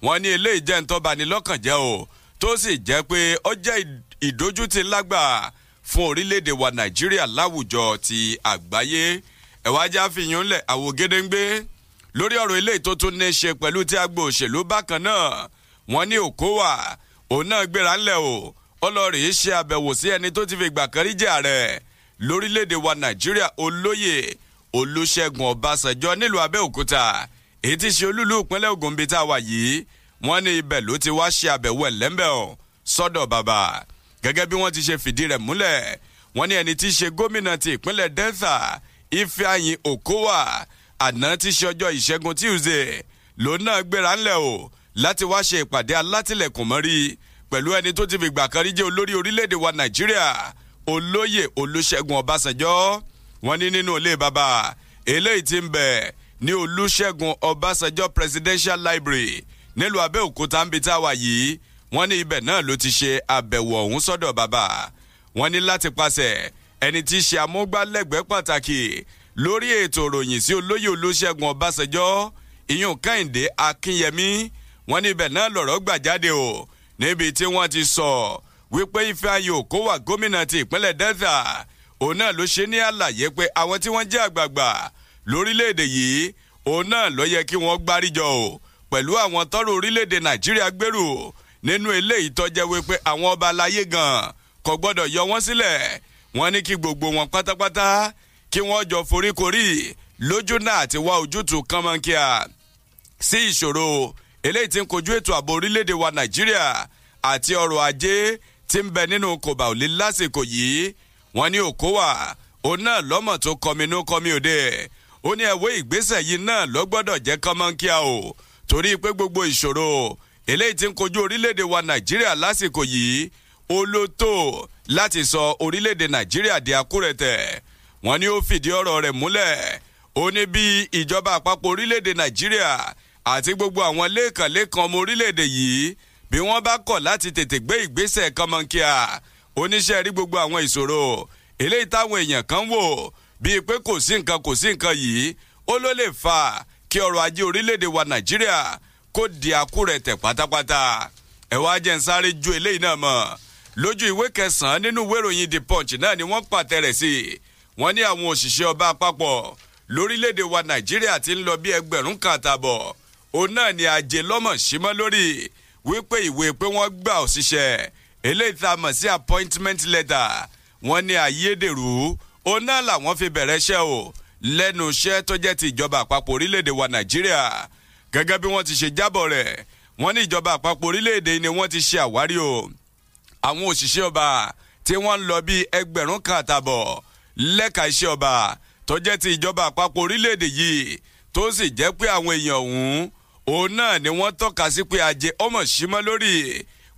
wọ́n ní eléyìí jẹ́ ntọ́bani lọ́kànjẹ́ o tó sì jẹ́ pé ó jẹ́ ìdójútì lágbà fún orílẹ̀-èdè wa nàìjíríà láwùjọ ti àgbáyé ẹ̀wájá fìyún lẹ̀ àwògedengbe lórí ọ̀rọ̀ eléyìí tó tún ní í ṣe pẹ̀lú tí agbo òṣèlú bákan náà wọ́n ní Okowa òun náà gbéra ńlẹ̀ o ọlọ́rìí ṣe àbẹ̀wò sí ẹni tó ti fi gbà kan rí jẹ́ ààrẹ lórílẹ̀‐èdè wa Nàìjíríà olóyè Olúṣẹ́gun Ọbásanjọ́ nílùú Abẹ́òkúta èyí tí ṣe olúlu ìpínlẹ̀ Ògùn bíi tá a wà yìí wọ́n ní ibẹ̀ ló ti wá ṣe àbẹ̀wò ẹ̀lẹ́mbẹ̀ ọ̀ sọ́dọ̀ bàbá gẹ́gẹ́ bí wọ́n ti ṣe fìdí rẹ̀ múlẹ̀ wọ́n ní ẹni tí í ṣe gómìnà ti ìpínlẹ̀ Delta Ifeanyi Okowa àná tí í ṣe ọjọ́ ìṣẹ́gun Tuesday lòun náà gbéra ńlẹ̀ o láti wá ṣe ìpàdé alátìlẹ̀kùn mọ́rí pẹ̀lú ẹni tó ti fìgbà kan rí jẹ́ olórí orílẹ̀-èdè wa Nàìjíríà olóyè Olúṣẹ́gun Ọbásanjọ́ wọ́n ní nínú ilé bàbá eléyìí ti ń bẹ ní olùṣègùn ọbásanjọ́ presidential library nílùú abẹ́òkúta ń bi tá a wà yìí wọ́n ní ibẹ̀ náà ló ti ṣe àbẹ̀wò ọ̀hún sọ́dọ̀ bàbá wọ́n ní láti pàṣẹ ẹni tí í ṣe amúgbálẹ́gbẹ̀ẹ́ pàtàkì lórí ètò ìròyìn sí olóyè olùṣègùn ọbásanjọ́ ìyún kẹ́hìndé akínyẹmí wọ́n ní ibẹ̀ náà lọ̀rọ̀ gbà jáde o níbi tí wọ́n ti sọ wípé Ifeanyi Okowa gómìnà ti ìpínlẹ̀ Delta òun náà ló ṣe ní àlàyé pé àwọn tí wọ́n jẹ́ àgbààgbà lórílẹ̀‐èdè yìí òun náà ló yẹ kí wọ́n gbáríjọ o pẹ̀lú àwọn tọ́rọ̀ orílẹ̀‐èdè nàìjíríà gbèrú nínú eléyìí tó jẹ́ wípé àwọn ọba aláyé gan kò gbọ́dọ̀ yọ wọ́n sílẹ̀ wọ́n ní kí gbogbo wọn pátápátá kí wọ́n jọ foríkorí lójú náà àti wá ojútùú kánmọ́nkíà sí ìṣòro eléyìí tí ń kojú ètò ààbò orílẹ̀ wa nàìjíríà àti ọrọ̀ ajé tí ń bẹ nínú kòbá òlé lásìkò yìí wọ́n ní òkó wà òun náà lọ́mọ̀ tó kọminú kọmi òde ó ní ẹ̀wọ́ ìgbésẹ̀ yìí náà ló gbọ́dọ̀ jẹ́ kọ́mọ́nkíá o torí pé gbogbo ìṣòro eléyìí tí ń kojú orílẹ̀-èdè wa nàìjíríà lásìkò yìí ó ló tó láti sọ orílẹ̀-èdè nàìjíríà di akúrẹ̀tẹ̀ wọ́n ní ó fìdí ọ̀rọ̀ rẹ̀ múlẹ̀ ó ní bí ìjọba àpapọ̀ orílẹ̀-èdè nàìjíríà àti gbogbo àwọn lẹ́ẹ̀kanlẹ́ẹ̀kan ọmọ orílẹ̀-èdè yìí bí wọ́n bá kọ̀ láti tètè gbé ìgbésẹ̀ kọ́mọ́nkíá oníṣẹ́ rí gbogbo àwọn ìṣòro eléyìí táwọn èèyàn kan wò bíi pé kò sí nǹkan kò sí nǹkan yìí ó ló lè fà kí ọrọ̀ ajé orílẹ̀-èdè wa nàìjíríà kó di àkúrẹ̀tẹ̀ pátápátá ẹ̀ wá jẹ́ ń sáré ju eléyìí náà mọ̀ lójú ìwé kẹsànán nínú ìwé ìròyìn the punch náà ni wọ́n pàtẹ rẹ̀ sí wọ́n ní àwọn òṣìṣẹ́ ọba àpapọ̀ lórílẹ̀-èdè wa nàìjíríà ti ń lọ bí ẹgbẹ̀rún kan àtàbọ̀ òun náà ni ajé lọ́mọ̀ símọ́ lórí wípé ìwé pé wọ́n gba òṣìṣẹ́ eléyìí tá a mọ̀ sí appointment letter wọ́n ní ayédèrú òun náà làwọn fi bẹ̀rẹ̀ iṣẹ́ o lẹ́nu iṣẹ́ tó jẹ́ ti ìjọba àpapọ̀ orílẹ̀-èdè wa nàìjíríà gẹ́gẹ́ bí wọ́n ti ṣe jábọ̀ rẹ̀ wọ́n ní ìjọba àpapọ̀ orílẹ̀-èdè ni wọ́n ti ṣe àwárí o àwọn òṣìṣẹ́ ọba tí wọ́n ń lọ bí ẹgbẹ̀rún kan àtàbọ̀ lẹ́ka iṣẹ́ ọba tó jẹ́ ti ìjọba àpapọ̀ orílẹ̀-èdè yìí tó sì jẹ́ pé àwọn èèyàn ọ̀hún òun náà ni wọ́n tọ́ka sí pé ajé ọmọ lórí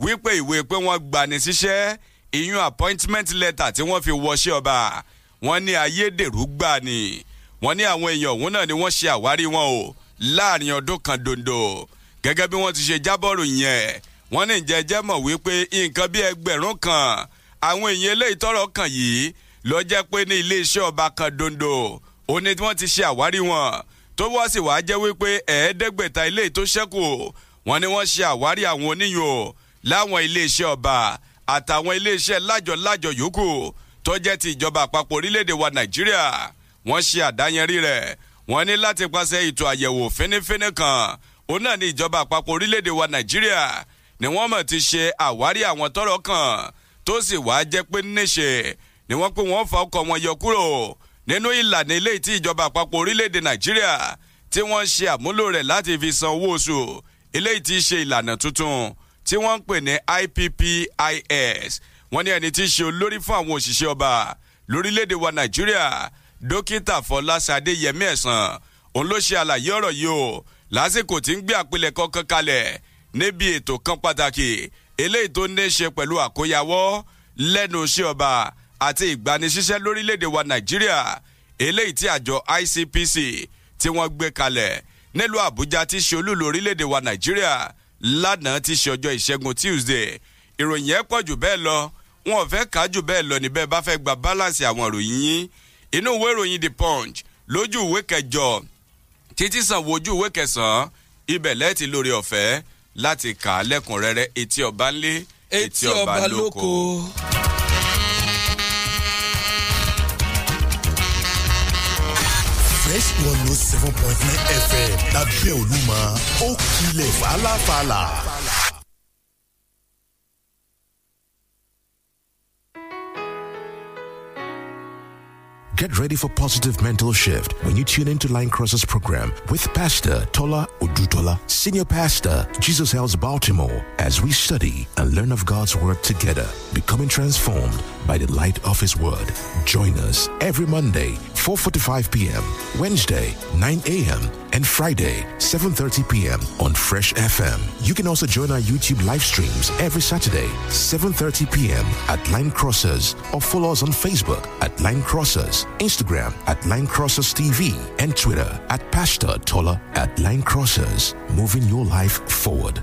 wípé ìwé pé wọ́n gbani síṣẹ́ ìyún appointment letter tí wọ́n fi wọṣẹ́ ọba wọ́n ní ayédèrú gbà ni wọ́n ní àwọn èèyàn òun náà ni wọ́n ṣe àwárí wọn o láàrin ọdún kan dondo gẹ́gẹ́ bí wọ́n ti ṣe jábọ̀rò yẹn wọ́n ní ìjẹ́jẹ́ mọ̀ wípé nǹkan bí ẹgbẹ̀rún kan àwọn èèyàn eléyìí tọ́rọ̀ kàn yìí ló jẹ́ pé ní iléeṣẹ́ ọba kan dondo ó ní wọ́n ti ṣe àwárí wọn tó wá sì wá jẹ́ wípé ẹ̀ẹ́dẹ́gbẹ̀ta eléyìí tó ṣẹ́kù wọ́n ní wọ́n ṣe àwárí àwọn oníyùn láwọn iléeṣẹ́ ọba àtàwọn iléeṣẹ́ lájọ̀lájọ̀ yòókù tó jẹ́ ti ìjọba àpapọ̀ orílẹ̀-èdè wa nàìjíríà wọ́n ṣe àdáyẹnrí rẹ̀ wọ́n ní láti pàṣẹ ètò àyẹ̀wò fínífíní kan òun náà ní ìjọba àpapọ̀ orílẹ̀-èdè wa nàìjíríà ni wọ́n mọ̀ ti ṣe àwárí àwọn tọ́rọ̀ kan tó sì wá jẹ́ pé níṣe ni wọ́n pé wọ́n fa ọkọ̀ wọn yọ kúrò nínú ìlànà ilé tí ìjọba àpapọ̀ orílẹ̀-èdè nàìjíríà tí wọ́n ṣe àmúlò rẹ̀ láti fi san owó oṣù ilé tí ṣe ìlànà tuntun tí wọ́n ń pè ní IPPIS wọ́n ní ẹni tí í ṣe olórí fún àwọn òṣìṣẹ́ ọba lórílẹ̀‐èdè wa nàìjíríà dókítà fọláṣadé yẹmí ẹ̀sán òun ló ṣe àlàyé ọ̀rọ̀ yìí o lásìkò tí ń gbé àpilẹ̀kọ kan kalẹ̀ níbi ètò kan pàtàkì eléyìí tó ní í ṣe pẹ̀lú àkóyawọ́ lẹ́nu iṣẹ́ ọba àti ìgbanisíṣẹ́ lórílẹ̀‐èdè wa nàìjíríà eléyìí tí àjọ ICPC tí wọ́n gbé kalẹ̀ nílùú àbújá tí ṣe olúlu orílẹ̀‐èdè wa nàìjíríà lánàá tí í ṣe ọjọ́ ìṣẹ́gun Tuesday ìròyìn ẹ̀ pọ̀ jù bẹ́ẹ̀ lọ wọn ò fẹ́ kájú bẹ́ẹ̀ lọ níbẹ̀ bá fẹ́ gba balance àwọn ìròyìn yín inú ìwé ìròyìn the punch lójú ìwé kẹjọ títí sàn wojú ìwé kẹsàn-án ibẹ̀ lẹ́ẹ̀tì lórí ọ̀fẹ́ láti kà á lẹ́kùnrẹ́rẹ́ etí ọba ńlé etí ọba lóko. fresh one oh seven point nine fm lábẹ́ olúmọ ó kilẹ̀ fàlàfàlà. Get ready for positive mental shift when you tune into Line Crossers program with Pastor Tola Odutola, Senior Pastor, Jesus Hells Baltimore, as we study and learn of God's Word together, becoming transformed by the light of His Word. Join us every Monday 4:45 p.m., Wednesday 9 a.m., and Friday 7:30 p.m. on Fresh FM. You can also join our YouTube live streams every Saturday 7:30 p.m. at Line Crossers, or follow us on Facebook at Line Crossers, Instagram at Line Crossers TV, and Twitter at Pastor Tola at Line Crossers. Moving your life forward.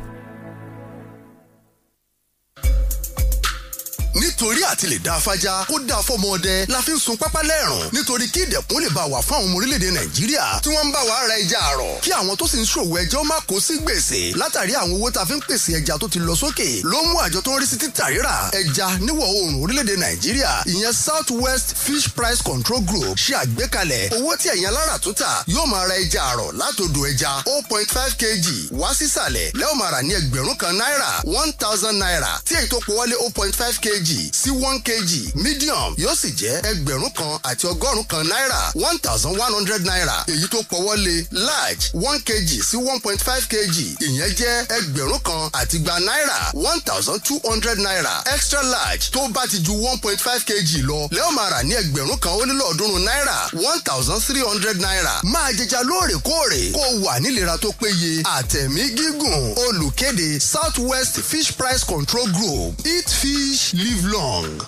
nítorí àti lè da afájá kó dá fọmọdé la fi ń sun pápá lẹ́rùn nítorí kí ìdẹ̀kùn lè bá wà fún àwọn ọmọ orílẹ̀-èdè nàìjíríà tí wọ́n ń bá wa ra ẹja àrọ̀ kí àwọn tó sì ń ṣòwò ẹja ó má kó sí gbèsè látàrí àwọn owó tá a fi ń pèsè ẹja tó ti lọ sókè ló mú àjọ tó ń rí sí títà rírà ẹja níwọ̀ oòrùn orílẹ̀-èdè nàìjíríà ìyẹn south west fish price control group ṣe àgbékalẹ̀ owó tí ẹ̀yin aláràtúntà yóò máa ra ẹja àrọ̀ látòdò ẹja oh point five kg wá sísàlẹ̀ lẹ́wọ̀n máa rà ní ẹgbẹ̀rún naira tí èyí tó kg kg sí one kg medium yóò sì jẹ́ ẹgbẹ̀rún kan àti ọgọ́rùn kan náírà one thousand one hundred naira èyí tó pọ̀wọ́ lé large one kg sí one point five kg ìyẹn jẹ́ ẹgbẹ̀rún kan àti igba náírà one thousand two hundred naira extra large tó bá ti ju one point five kg lọ lẹ́wọ̀n máa rà ní ẹgbẹ̀rún kan ó nílò ọ̀ọ́dúnrún náírà one thousand three hundred naira máa jẹja lóòrèkóòrè kó wà nílera tó péye àtẹ̀mí gígùn olùkéde south west fish price control group eat fish live. live long.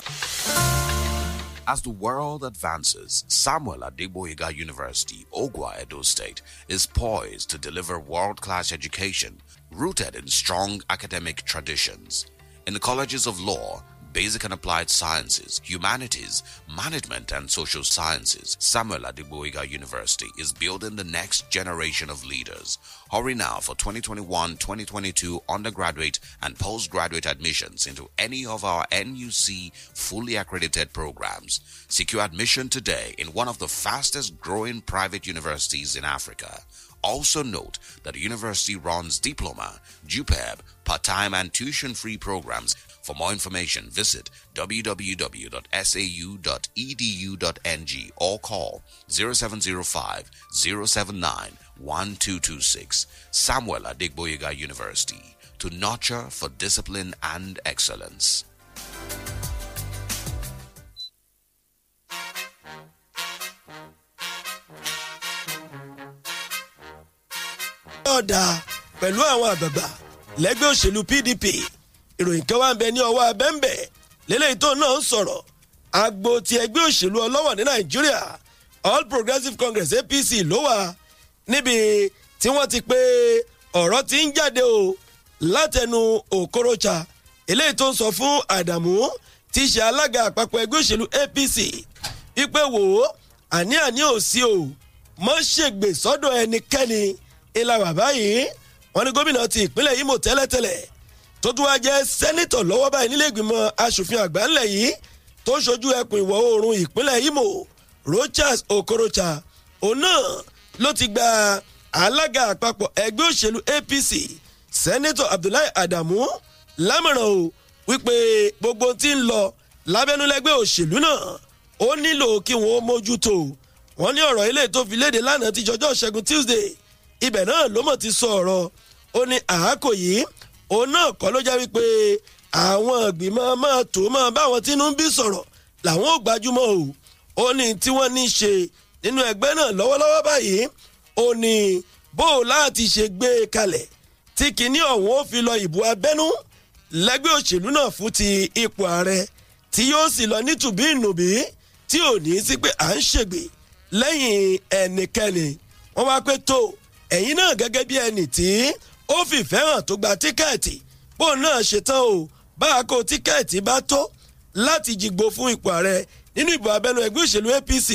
As the world advances, Samuel Adegboyega University, Ogwa Edo State, is poised to deliver world class education rooted in strong academic traditions. In the colleges of law, Basic and Applied Sciences, Humanities, Management and Social Sciences, Samuel Adiboiga University is building the next generation of leaders. Hurry now for 2021-2022 undergraduate and postgraduate admissions into any of our NUC fully accredited programs. Secure admission today in one of the fastest growing private universities in Africa. Also note that the university runs diploma, JUPEB, part-time and tuition-free programs for more information, visit www.sau.edu.ng or call 0705 079 1226. Samuel Adegboyega University to nurture for discipline and excellence. ọ̀dà pẹ̀lú àwọn àgbààgbà lẹ́gbẹ́ òṣèlú PDP ìròyìn kan wà ń bẹ ní ọwọ́ abẹ́ńbẹ́ lélẹ́yìí tó náà ń sọ̀rọ̀ agbo ti ẹgbẹ́ òṣèlú ọlọ́wọ̀ ní nàìjíríà all progressives congress apc ló wà níbi tí wọ́n ti pé ọ̀rọ̀ ti ń jáde o látẹnu òkorocha eléyìí tó ń sọ fún àdàmú ti ṣe alága àpapọ̀ ẹgbẹ́ òṣèlú apc wípé wò ó àní àní ò sí o mọ́ ṣègbè sọ́dọ̀ ẹnikẹ́ni ìlà wà báyìí wọ́n ní gómìnà ti ìpínlẹ̀ imo tẹ́lẹ̀tẹ́lẹ̀ tó tún wá jẹ́ sẹ́nítọ̀ lọ́wọ́ báyìí nílé ìgbìmọ̀ asòfin àgbà ńlẹ̀ yìí tó ṣojú ẹkùn ìwọ̀ oòrùn ìpínlẹ̀ Imo Rochas Okorocha òun náà ló ti gba alága àpapọ̀ ẹgbẹ́ òṣèlú APC sẹ́nítọ̀ Abdullahi Adamu lámọ̀ràn o wípé gbogbo tí ń lọ lábẹ́nulẹ́gbẹ́ òṣèlú náà ó nílò kí wọ́n mójútó wọ́n ní ọ̀rọ̀ ilé tó fi léde lánàá ti jọjọ́ ṣẹ́gun Tuesday ibẹ̀ náà ló mọ̀ ti sọ ọ̀rọ̀ ó ní àákò yìí òun náà kọ́ ló jẹ́ wípé àwọn ìgbìmọ̀ máa tó máa báwọn tínú bí sọ̀rọ̀ làwọn ò gbajúmọ̀ o ó ní tí wọ́n ní ṣe nínú ẹgbẹ́ náà lọ́wọ́lọ́wọ́ báyìí ó ní bó o láti ṣe gbé e kalẹ̀ tí kinní ọ̀hún ó fi lọ ìbò abẹ́nú lẹ́gbẹ́ òṣèlú náà fún ti ipò ààrẹ tí yóò sì lọ nítùbí ìnùbí tí ò ní sí pé à ń ṣègbè lẹ́yìn ẹnikẹ́ni wọ́n wá pé tó ẹ̀yin náà gẹ́gẹ́ bí ẹnì tí ó fìfẹ́ hàn tó gba tíkẹ́ẹ̀tì bóun náà ṣetán o bá a kó tíkẹ́ẹ̀tì bá tó láti jìgbó fún ipò ààrẹ nínú ìbò abẹ́nú ẹgbẹ́ òṣèlú APC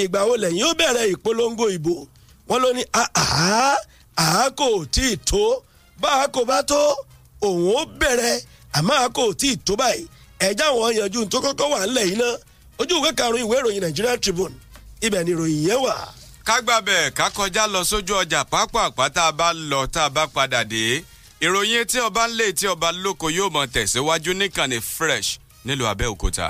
ìgbà wo lẹ́yìn ó bẹ̀rẹ̀ ìpolongo ìbò wọ́n ló ní àá kò tí ì tó bá a kò bá tó òun ó bẹ̀rẹ̀ àmọ́ a kò tí ì tó báyìí ẹ̀já wọn yanjú tó kọ́kọ́ wà ńlẹ̀ yìí ná ojú ìwé karùn-ún ìwé ìròyìn Nigerian Tribune ibẹ̀ ni ìròyìn yẹn wà ká gbàbẹ̀ ká kọjá lọ sójú ọjà pápápá tá a bá lọ tá a bá padà dé ìròyìn etí ọba ń lé etí ọba lóko yóò mọ tẹ̀síwájú níkànnì fresh nílùú Abẹ́òkúta.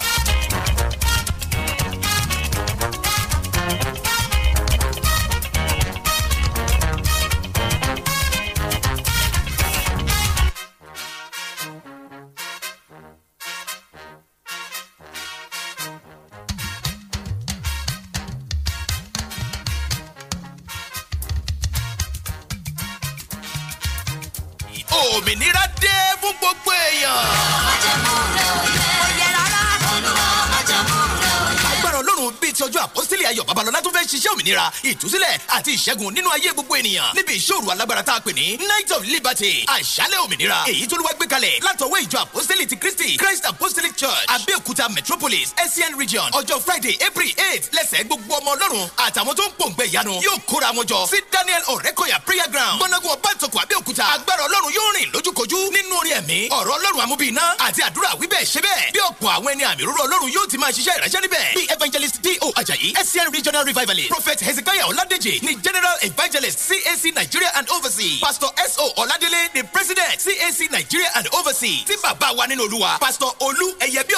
gbogbo èèyàn. májẹ̀mú rẹ̀ ò yẹ rárá. olúwa májẹ̀mú rẹ̀ ò yẹ. agbára ọlọ́run bí ti ọjọ́ àpọ́sítélì ayọ̀ babalọ́lá tó fẹ́ ṣiṣẹ́ òmìnira ìtúsílẹ̀ àti ìṣẹ́gun nínú ayé gbogbo ènìyàn níbi ìṣòro alágbára tá a pè ní night of liberty àṣálẹ̀ òmìnira èyí tó ló wá gbé kalẹ̀ látọwọ́ ìjọ àpọ́sítélì ti kristi christ apostolic church abẹ́òkúta metropolis SCN region ọjọ́ friday april eight lẹ́sẹ̀ gbogbo ọmọ ọlọ́run àtàwọn tó ń pòǹgbẹ ìyanu yóò kóra wọn jọ sí daniel ọ̀rẹ́kọ̀yà prayer ground gbọ́nàgún ọ̀bátọ̀kọ̀ abẹ́òkúta agbára ọlọ́run yóò rìn lójúkojú nínú orin ẹ̀mí ọ̀rọ̀ ọlọ́run amúbíná àti àdúrà wíbẹ̀ ṣe bẹ́ẹ̀ bí ọ̀pọ̀ àwọn ẹni àmì rúrọ̀ ọlọ́run yóò ti máa ṣiṣẹ́ o ajayi scn regional revivalist prophet hezekiah oladeji ni general evangelist cac nigeria and overseas pastor so oladele the president cac nigeria and overseas tí bàbá wa nínú olúwa pastor Olu, ẹyẹbí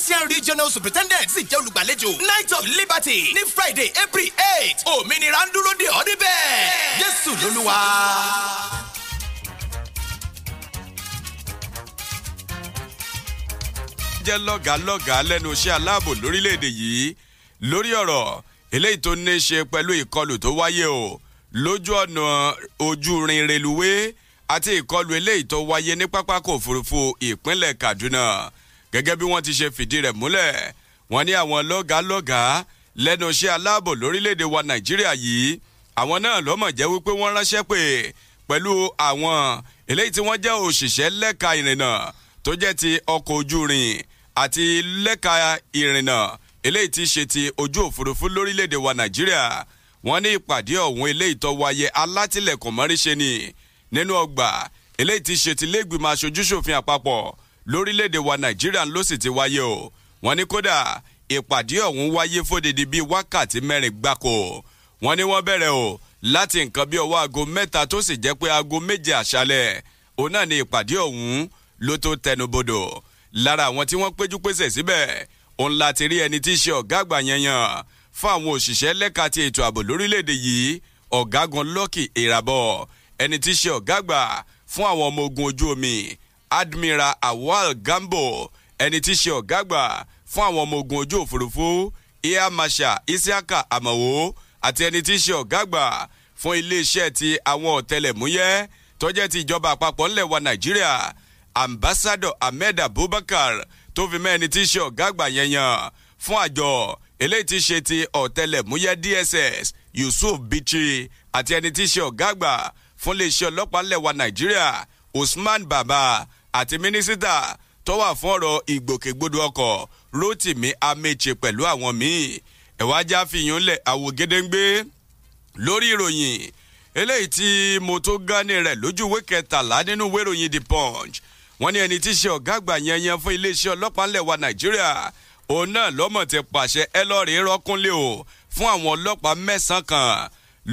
scn regional superintendent sì jẹ́ olùgbàlejò night of liberty ní friday april eight òmìnira ń dúró de ọ́ níbẹ̀ jésù lolúwa. jẹ́ lọ́gàá lọ́gàá lẹ́nu iṣẹ́ aláàbò lórílẹ̀‐èdè yìí lórí ọ̀rọ̀ eléyìí tó ní í ṣe pẹ̀lú ìkọlù tó wáyé o lójú ọ̀nà ojú rin reluwé àti ìkọlù eléyìí tó wáyé ní pápákọ̀ òfurufú ìpínlẹ̀ Kaduna gẹ́gẹ́ bí wọ́n ti ṣe fìdí rẹ̀ múlẹ̀ wọ́n ní àwọn lọ́gàálọ́gàá lẹ́nu iṣẹ́ aláàbò lórílẹ̀‐èdè wa Nàìjíríà yìí àwọn náà lọ́mọ̀ jẹ́ wípé wọ́n ránṣẹ́ pé pẹ̀lú àwọn eléyìí tí wọ́n jẹ́ òṣìṣẹ́ lẹ́ka ìrìnnà tó jẹ́ ti ọkọ̀ ojú irin àti lẹ́ka ìrìnnà eléyìí ti ṣe ti ojú òfurufú lórílẹ̀‐èdè wa nàìjíríà wọ́n ní ìpàdé ọ̀hún eléyìí tó wáyé alátìlẹ̀kùn mọ́ríṣe ni nínú ọgbà eléyìí ti ṣe ti lẹ́gbìmọ̀ aṣojúṣòfin àpapọ̀ lórílẹ̀‐èdè wa nàìjíríà ló sì ti wáyé o wọ́n ní kódà ìpàdé ọ̀hún wáyé fódìdí bíi wákàtí mẹ́rin gbáko wọ́n ní wọ́n bẹ̀rẹ̀ o láti nǹkan bíi ọwọ́ aago mẹ́ta tó sì jẹ́ pé aago méje àṣálẹ̀ òun náà ni ìpàdé ọ̀hún ló tó tẹnubodò lára àwọn tí wọ́n péjú pésẹ̀ síbẹ̀ òun láti rí ẹni tí í ṣe ọ̀gá àgbà yanyan fún àwọn òṣìṣẹ́ lẹ́ka ti ètò ààbò lórílẹ̀‐èdè yìí ọ̀gágun Lucky Irabor ẹni tí í ṣe ọ̀gá àgbà fún àwọn ọmọ ogun ojú omi Admiral Awal Gambo ẹni tí í ṣe ọ̀gá àgbà fún àwọn ọmọ ogun ojú òfurufú Air Marshal Isiaka Amawo àti ẹni tí í ṣe ọ̀gá àgbà fún iléeṣẹ́ ti àwọn ọ̀tẹlẹ̀múyẹ́ tó ti ìjọba àpapọ̀ ńlẹ̀ wa Nàìjíríà Ambassador Ahmed Abubakar tó fi mẹ́ni tí í ṣe ọ̀gá àgbà yẹn yàn fún àjọ eléyìí tí ṣe ti ọ̀tẹlẹ̀múyẹ́ DSS Yusuf Bichi àti ẹni tí í ṣe ọ̀gá àgbà fún iléeṣẹ́ ọlọ́pàá lẹ̀wà Nàìjíríà Usman Baba àti mínísítà tó wà fún ọ̀rọ̀ ìgbòkègbodò ọkọ̀ Rotimi Ameche pẹ̀lú àwọn míì ẹ̀wájá fìyàn lẹ̀ àwògedengbe lórí ìròyìn eléyìí tí mo tó gánni rẹ̀ lójú ìwé kẹtàlá nínú ìwé ìròyìn The Punch wọ́n ní ẹni tí í ṣe ọ̀gá àgbà yẹn fún iléeṣẹ́ ọlọ́pàá ńlẹ̀ wa nàìjíríà òun náà lọ́mọ̀ ti pàṣẹ ẹ lọ́ọ́ rí rọ́kúnlé o fún àwọn ọlọ́pàá mẹ́sàn-án kan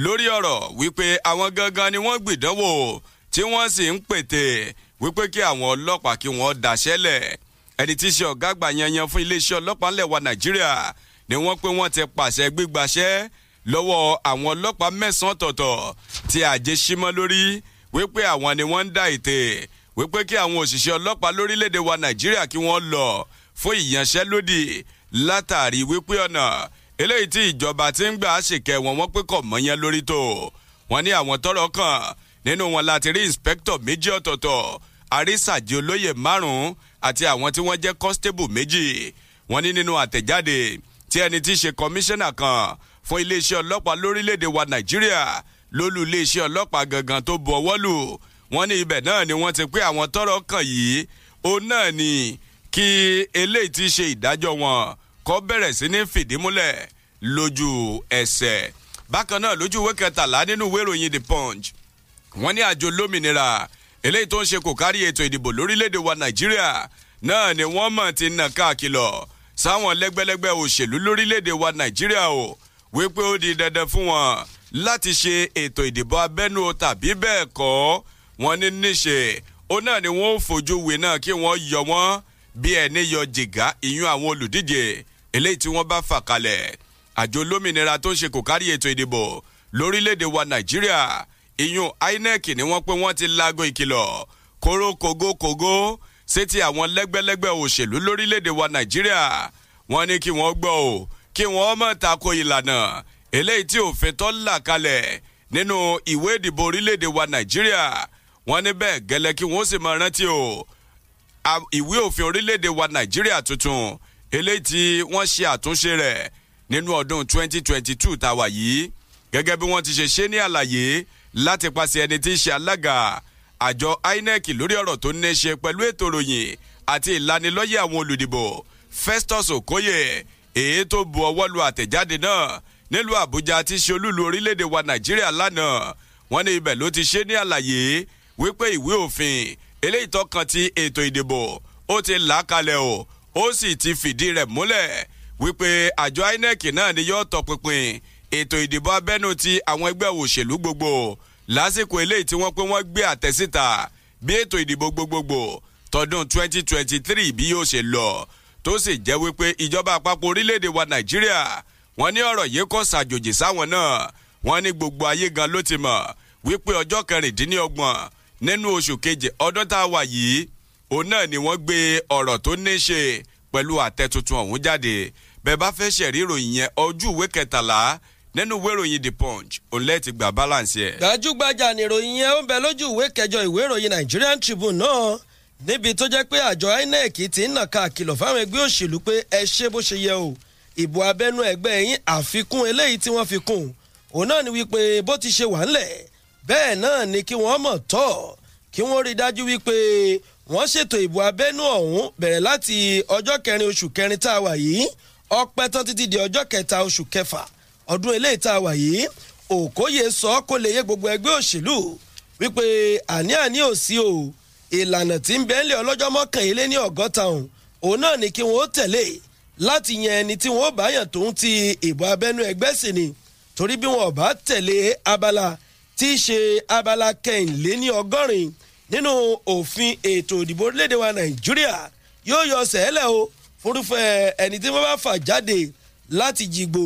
lórí ọ̀rọ̀ wípé àwọn gangan ni wọ́n gbìdánwò tí wọ́n sì ń pètè wípé kí àwọn ọlọ́pàá kí wọ́n dáṣẹ́lẹ̀ ẹni tí í ṣe ọ̀gá àgbà yẹn fún iléeṣẹ́ ọlọ́pàá ńlẹ̀ wa nàìjíríà ni wọ́n pé wọ́n ti pàṣẹ gbígbaṣẹ́ lọ́wọ́ àwọn ọlọ́pàá mẹ́sàn-án tọ̀tọ̀ tí àjẹsímọ́ lórí wípé àwọn ni wọ́n ń dá ètè wípé kí àwọn òṣìṣẹ́ ọlọ́pàá lórílẹ̀‐èdè wa nàìjíríà kí wọ́n lọ fún ìyanṣẹ́lódì látàrí wípé ọ̀nà eléyìí tí ìjọba ti ń gbà ṣèkẹ́ wọn wọ́n pé kọ̀ mọ́yán lórí tó wọ́n ní àwọn tọ́rọ̀ kàn nínú wọn láti rí inspector méjì ọ̀tọ̀ọ̀tọ̀ àrísàjì olóyè márùn-ún àti àwọn tí wọ́n jẹ́ constable méjì wọ́n ní nínú àtẹ̀jáde tí ẹni tí í ṣe kọmíṣánná kan fún iléeṣẹ́ ọlọ́pàá lórílẹ̀‐èdè wa nàìjíríà lólú iléeṣẹ́ ọlọ́pàá gangan tó bu ọwọ́ lù wọ́n ní ibẹ̀ náà ni wọ́n ti pé àwọn tọ́rọ̀ kàn yìí òun náà ni kí eléyìí ti ṣe ìdájọ́ wọn kó bẹ̀rẹ̀ sí ní fìdímúlẹ̀ lójú ẹsẹ̀ bákan náà lójú ìwé kẹtàlá nínú ìwé ìròyìn the punch wọ́n ní àjọ lómìnira eléyìí tó ń ṣe kò kárí ètò ìdìbò lórílẹ̀ wa nàìjíríà náà ni wọ́n mọ̀ ti nà káàkìlọ̀ sáwọn lẹ́gbẹ́lẹ́gbẹ́ òṣèlú lórílẹ̀ wa nàìjíríà o wípé ó di dandan fún wọn láti ṣe ètò ìdìbò abẹ́nú tàbí bẹ́ẹ̀ kọ́ wọ́n ní níṣe òun náà ni wọ́n ó fojú wé náà kí wọ́n yọ wọ́n bí ẹni yọ jìgá ìyún àwọn olùdíje eléyìí tí wọ́n bá fà kalẹ̀ àjọ olómìnira tó ń ṣe kò kárí ètò ìdìbò lórílẹ̀ wa nàìjíríà ìyún INEC ni wọ́n pé wọ́n ti laago ìkìlọ̀ kóró kògókògó sétí àwọn lẹ́gbẹ́lẹ́gbẹ́ òṣèlú lórílẹ̀ wa nàìjíríà wọ́n ní kí wọ́n gbọ́ ò kí wọ́n má tako ìlànà eléyìí tí òfin tó là kalẹ̀ nínú ìwé ìdìbò orílẹ̀ wa nàìjíríà wọ́n ní bẹ́ẹ̀ gẹ́lẹ́ kí wọ́n sì máa rántí o ìwé òfin orílẹ̀-èdè wa nàìjíríà tuntun eléyìí tí wọ́n ṣe àtúnṣe rẹ̀ nínú ọdún 2022 tàwa yìí gẹ́gẹ́ bí wọ́n ti ṣe ṣe ní àlàyé láti paṣẹ ẹni tí í ṣe alága àjọ INEC lórí ọ̀rọ̀ tó ní í ṣe pẹ̀lú ètò ìròyìn àti ìlanilọ́yẹ̀ àwọn olùdìbò Festus Okoye èyí tó bu ọwọ́ lu àtẹ̀jáde náà nílùú Àbújá tí ṣe olúlu orílẹ̀-èdè wa Nàìjíríà lánàá wọ́n ní ibẹ̀ ló ti ṣe ní àlàyé wípé ìwé òfin eléyìí tó kan ti ètò ìdìbò ó ti là kalẹ̀ o ó sì ti fìdí rẹ̀ múlẹ̀ wípé àjọ INEC náà ni yóò tọpinpin ètò ìdìbò abẹ́nú ti àwọn ẹgbẹ́ òṣèlú gbogbo lásìkò eléyìí tí wọ́n pé wọ́n gbé àtẹ̀síta bí ètò ìdìbò gbogbogbò tọdún 2023 bí yóò ṣe lọ tó sì jẹ́ wípé ìjọba àpapọ̀ orílẹ̀-èdè wa Nàìjíríà wọ́n ní ọ̀rọ̀ yìí kò ṣàjòjì sáwọn náà wọ́n ní gbogbo ayé gan ló ti mọ̀ wípé ọjọ́ kẹrìndínlọ́gbọ̀n nínú oṣù keje ọdún tá a wà yìí òun náà ni wọ́n gbé ọ̀rọ̀ tó ní ṣe pẹ̀lú àtẹ tuntun ọ̀hún jáde bẹ́ẹ̀ bá fẹ́ ṣẹ̀rí ìròyìn yẹn ojú ìwé kẹtàlá nínú ìwé ìròyìn the punch òun lẹ́ẹ̀ ti balance ẹ̀. gbajúgbajà ni ìròyìn yẹn ó ń bẹ lójú ìwé kẹjọ ìwé ìròyìn Nigerian Tribune náà níbi tó jẹ́ pé àjọ INEC ti ń nàka àkìlọ̀ fáwọn ẹgbẹ́ òṣèlú pé ẹ ṣe bó ṣe yẹ o ìbò abẹ́nú ẹgbẹ́ yín àfikún eléyìí tí wọ́n fi kún òun náà ni wípé bó ti ṣe wà ńlẹ̀ bẹ́ẹ̀ náà ni kí wọ́n mọ̀ tọ́ kí wọ́n rí dájú wípé wọ́n ṣètò ìbò abẹ́nú ọ̀hún bẹ̀rẹ̀ láti ọjọ́ kẹrin oṣù kẹrin tá a wà yìí ọpẹ́ tán títí di ọjọ́ kẹta oṣù kẹfà ọdún eléyìí tá a wà yìí òkóye sọ kó lè yé gbogbo ẹgbẹ́ òṣèlú wípé àní àní ò sí o ìlànà tí ń bẹ́ńlẹ̀ ọlọ́jọ́ mọ́kànlélé ní ọ̀gọ́ta ọ̀hún òun náà ni kí wọ́n tẹ̀lé láti yan ẹni tí wọ́n bá yàn tó ń ti ìbò abẹ́nú ẹgbẹ́ sí ni torí bí wọn bá tẹ̀lé abala tí í ṣe abala kẹ́hìnléní ọgọ́rin nínú òfin ètò òdìbò orílẹ̀-èdè wa nàìjíríà yóò yọ sẹ́ẹ̀lẹ̀ o forúfẹ́ ẹni tí wọ́n bá fà jáde láti jìgbò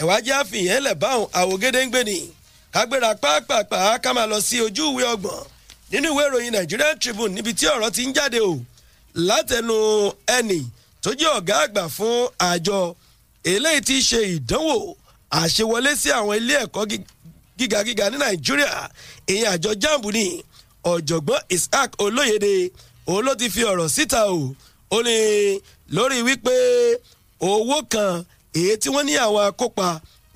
ẹ̀wájẹ́ àfihàn ẹ̀lẹ̀ báwọn àwògedengbe ni kágbéra pàápàá ká máa lọ sí ojú ìwé ọgbọ̀n nínú ìwé ìròyìn Nigerian Tribune níbi tí ọ̀rọ̀ ti ń jáde o látẹnu ẹnì tó jẹ́ ọ̀gá àgbà fún àjọ eléyìí ti ṣe ìdánwò àṣewọlé sí àwọn ilé ẹ̀kọ́ gíga gíga ní nàìjíríà ìyẹn àjọ jambu ni ọ̀jọ̀gbọ́n isaac olóyèdè òun ló ti fi ọ̀rọ̀ síta o ó ní lórí wípé owó kan èyí tí wọ́n ní àwọn akópa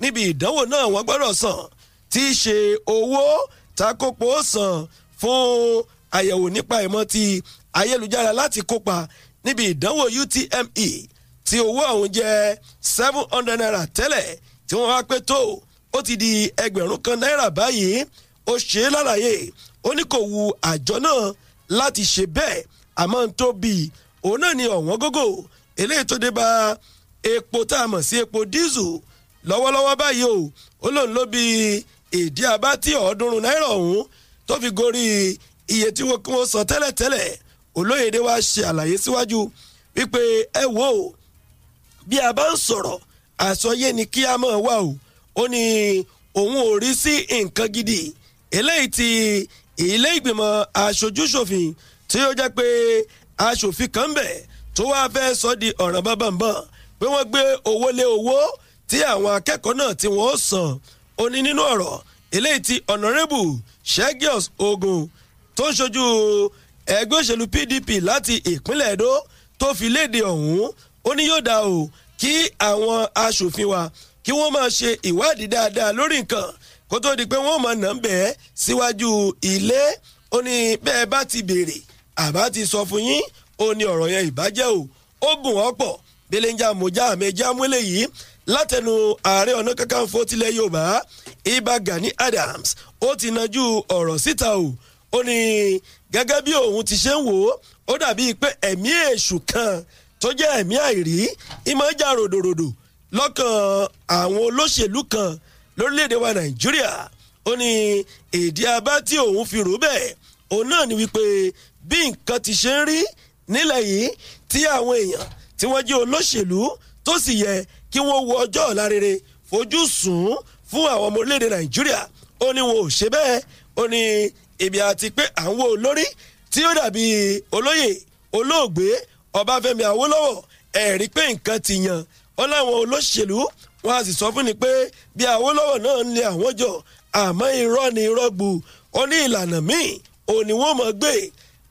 níbi ìdánwò náà wọ́n gbọ́dọ̀ san tí í ṣe owó takópo san fún àyẹ̀wò nípa ìmọ̀ ti ayélujára láti kópa níbi ìdánwò UTME tí owó ọ̀hún jẹ́ seven hundred naira tẹ́lẹ̀ tí wọ́n wá pé tó ó ti di ẹgbẹ̀rún kan náírà báyìí ó ṣe é lálàyé ó ní kò wu àjọ náà láti ṣe bẹ́ẹ̀ àmọ́ ń tó bí òun náà ni ọ̀wọ́n gógó eléyìí tó dé bá epo tá a mọ̀ sí epo díìsù lọ́wọ́lọ́wọ́ báyìí o ó lóun ló bí ìdí abá tí ọ̀ọ́dúnrún náírà ọ̀hún tó fi gorí iye tí wọ́n kí wọ́n sọ tẹ́lẹ̀tẹ́lẹ̀ olóyèdè wa ṣe àlàyé síwájú wípé ẹ wò ó bí a bá ń sọ̀rọ̀ àsọyé ni kí a máa wà o ó ní òun ò rí sí nǹkan gidi eléyìí ti ilé ìgbìmọ̀ aṣojúṣòfin tí ó jẹ́ pé aṣòfin kan ń bẹ̀ tó wáá fẹ́ sọ di ọ̀ràn bábàbàn pé wọ́n gbé owó lé owó tí àwọn akẹ́kọ̀ọ́ náà tí wọ́n san ó ní nínú ọ̀rọ̀ eléyìí ti ọ̀nàrẹ́bù Shegius Ogun tó ń ṣojú ẹgbẹ́ òṣèlú PDP láti ìpínlẹ̀ Èdó tó fi léde ọ̀hún ó ní yóò dá o kí àwọn aṣòfin wa kí wọ́n máa ṣe ìwádìí dáadáa lórí nǹkan kó tó di pé wọ́n máa nà ń bẹ̀ ẹ́ síwájú ilé ó ní bẹ́ẹ̀ bá ti béèrè àbá ti sọ fún yín ó ní ọ̀rọ̀ yẹn ìbàjẹ́ o ó bùn ọ́ pọ̀ délé ń já mojá àmẹjá múlẹ̀ yìí látẹnu ààrẹ ọ̀nà kakanfò tilẹ̀ yorùbá ibà gani adams ó ti najú ọ̀rọ̀ síta o ó ní gẹ́gẹ́ bí òun ti ṣe ń wò ó dàbí pé ẹ̀mí èṣù kan tó jẹ́ ẹ̀mí àìrí ìmọ̀ já ròdòròdò lọ́kàn àwọn olóṣèlú kan lórílẹ̀‐èdè wa nàìjíríà ó ní èdè abá tí òun fi rò bẹ́ẹ̀ òun náà ni wípé bí nǹkan ti ṣe ń rí nílẹ̀ yìí tí àwọn èèyàn tí wọ́n jẹ́ olóṣèlú tó sì yẹ kí wọ́n wo ọjọ́ ọ̀la rere fojú sùn fún àwọn ọmọ orílẹ̀‐èdè nàìjíríà ó ní wọn ò ṣe bẹ́ẹ̀ ó ní ibi àti pé à ń wo olórí tí ó dàbí olóyè olóògbé ọbáfẹ́mi awólọ́wọ̀ ẹ̀rí pé nǹkan ti yan ó láwọn olóṣèlú wọn a sì sọ fún ni pé bí Awólọ́wọ̀ náà ń lé àwọn jọ àmọ́ irọ́ ni irọ́ gbu ó ní ìlànà míì òun ni wọ́n mọ̀ gbé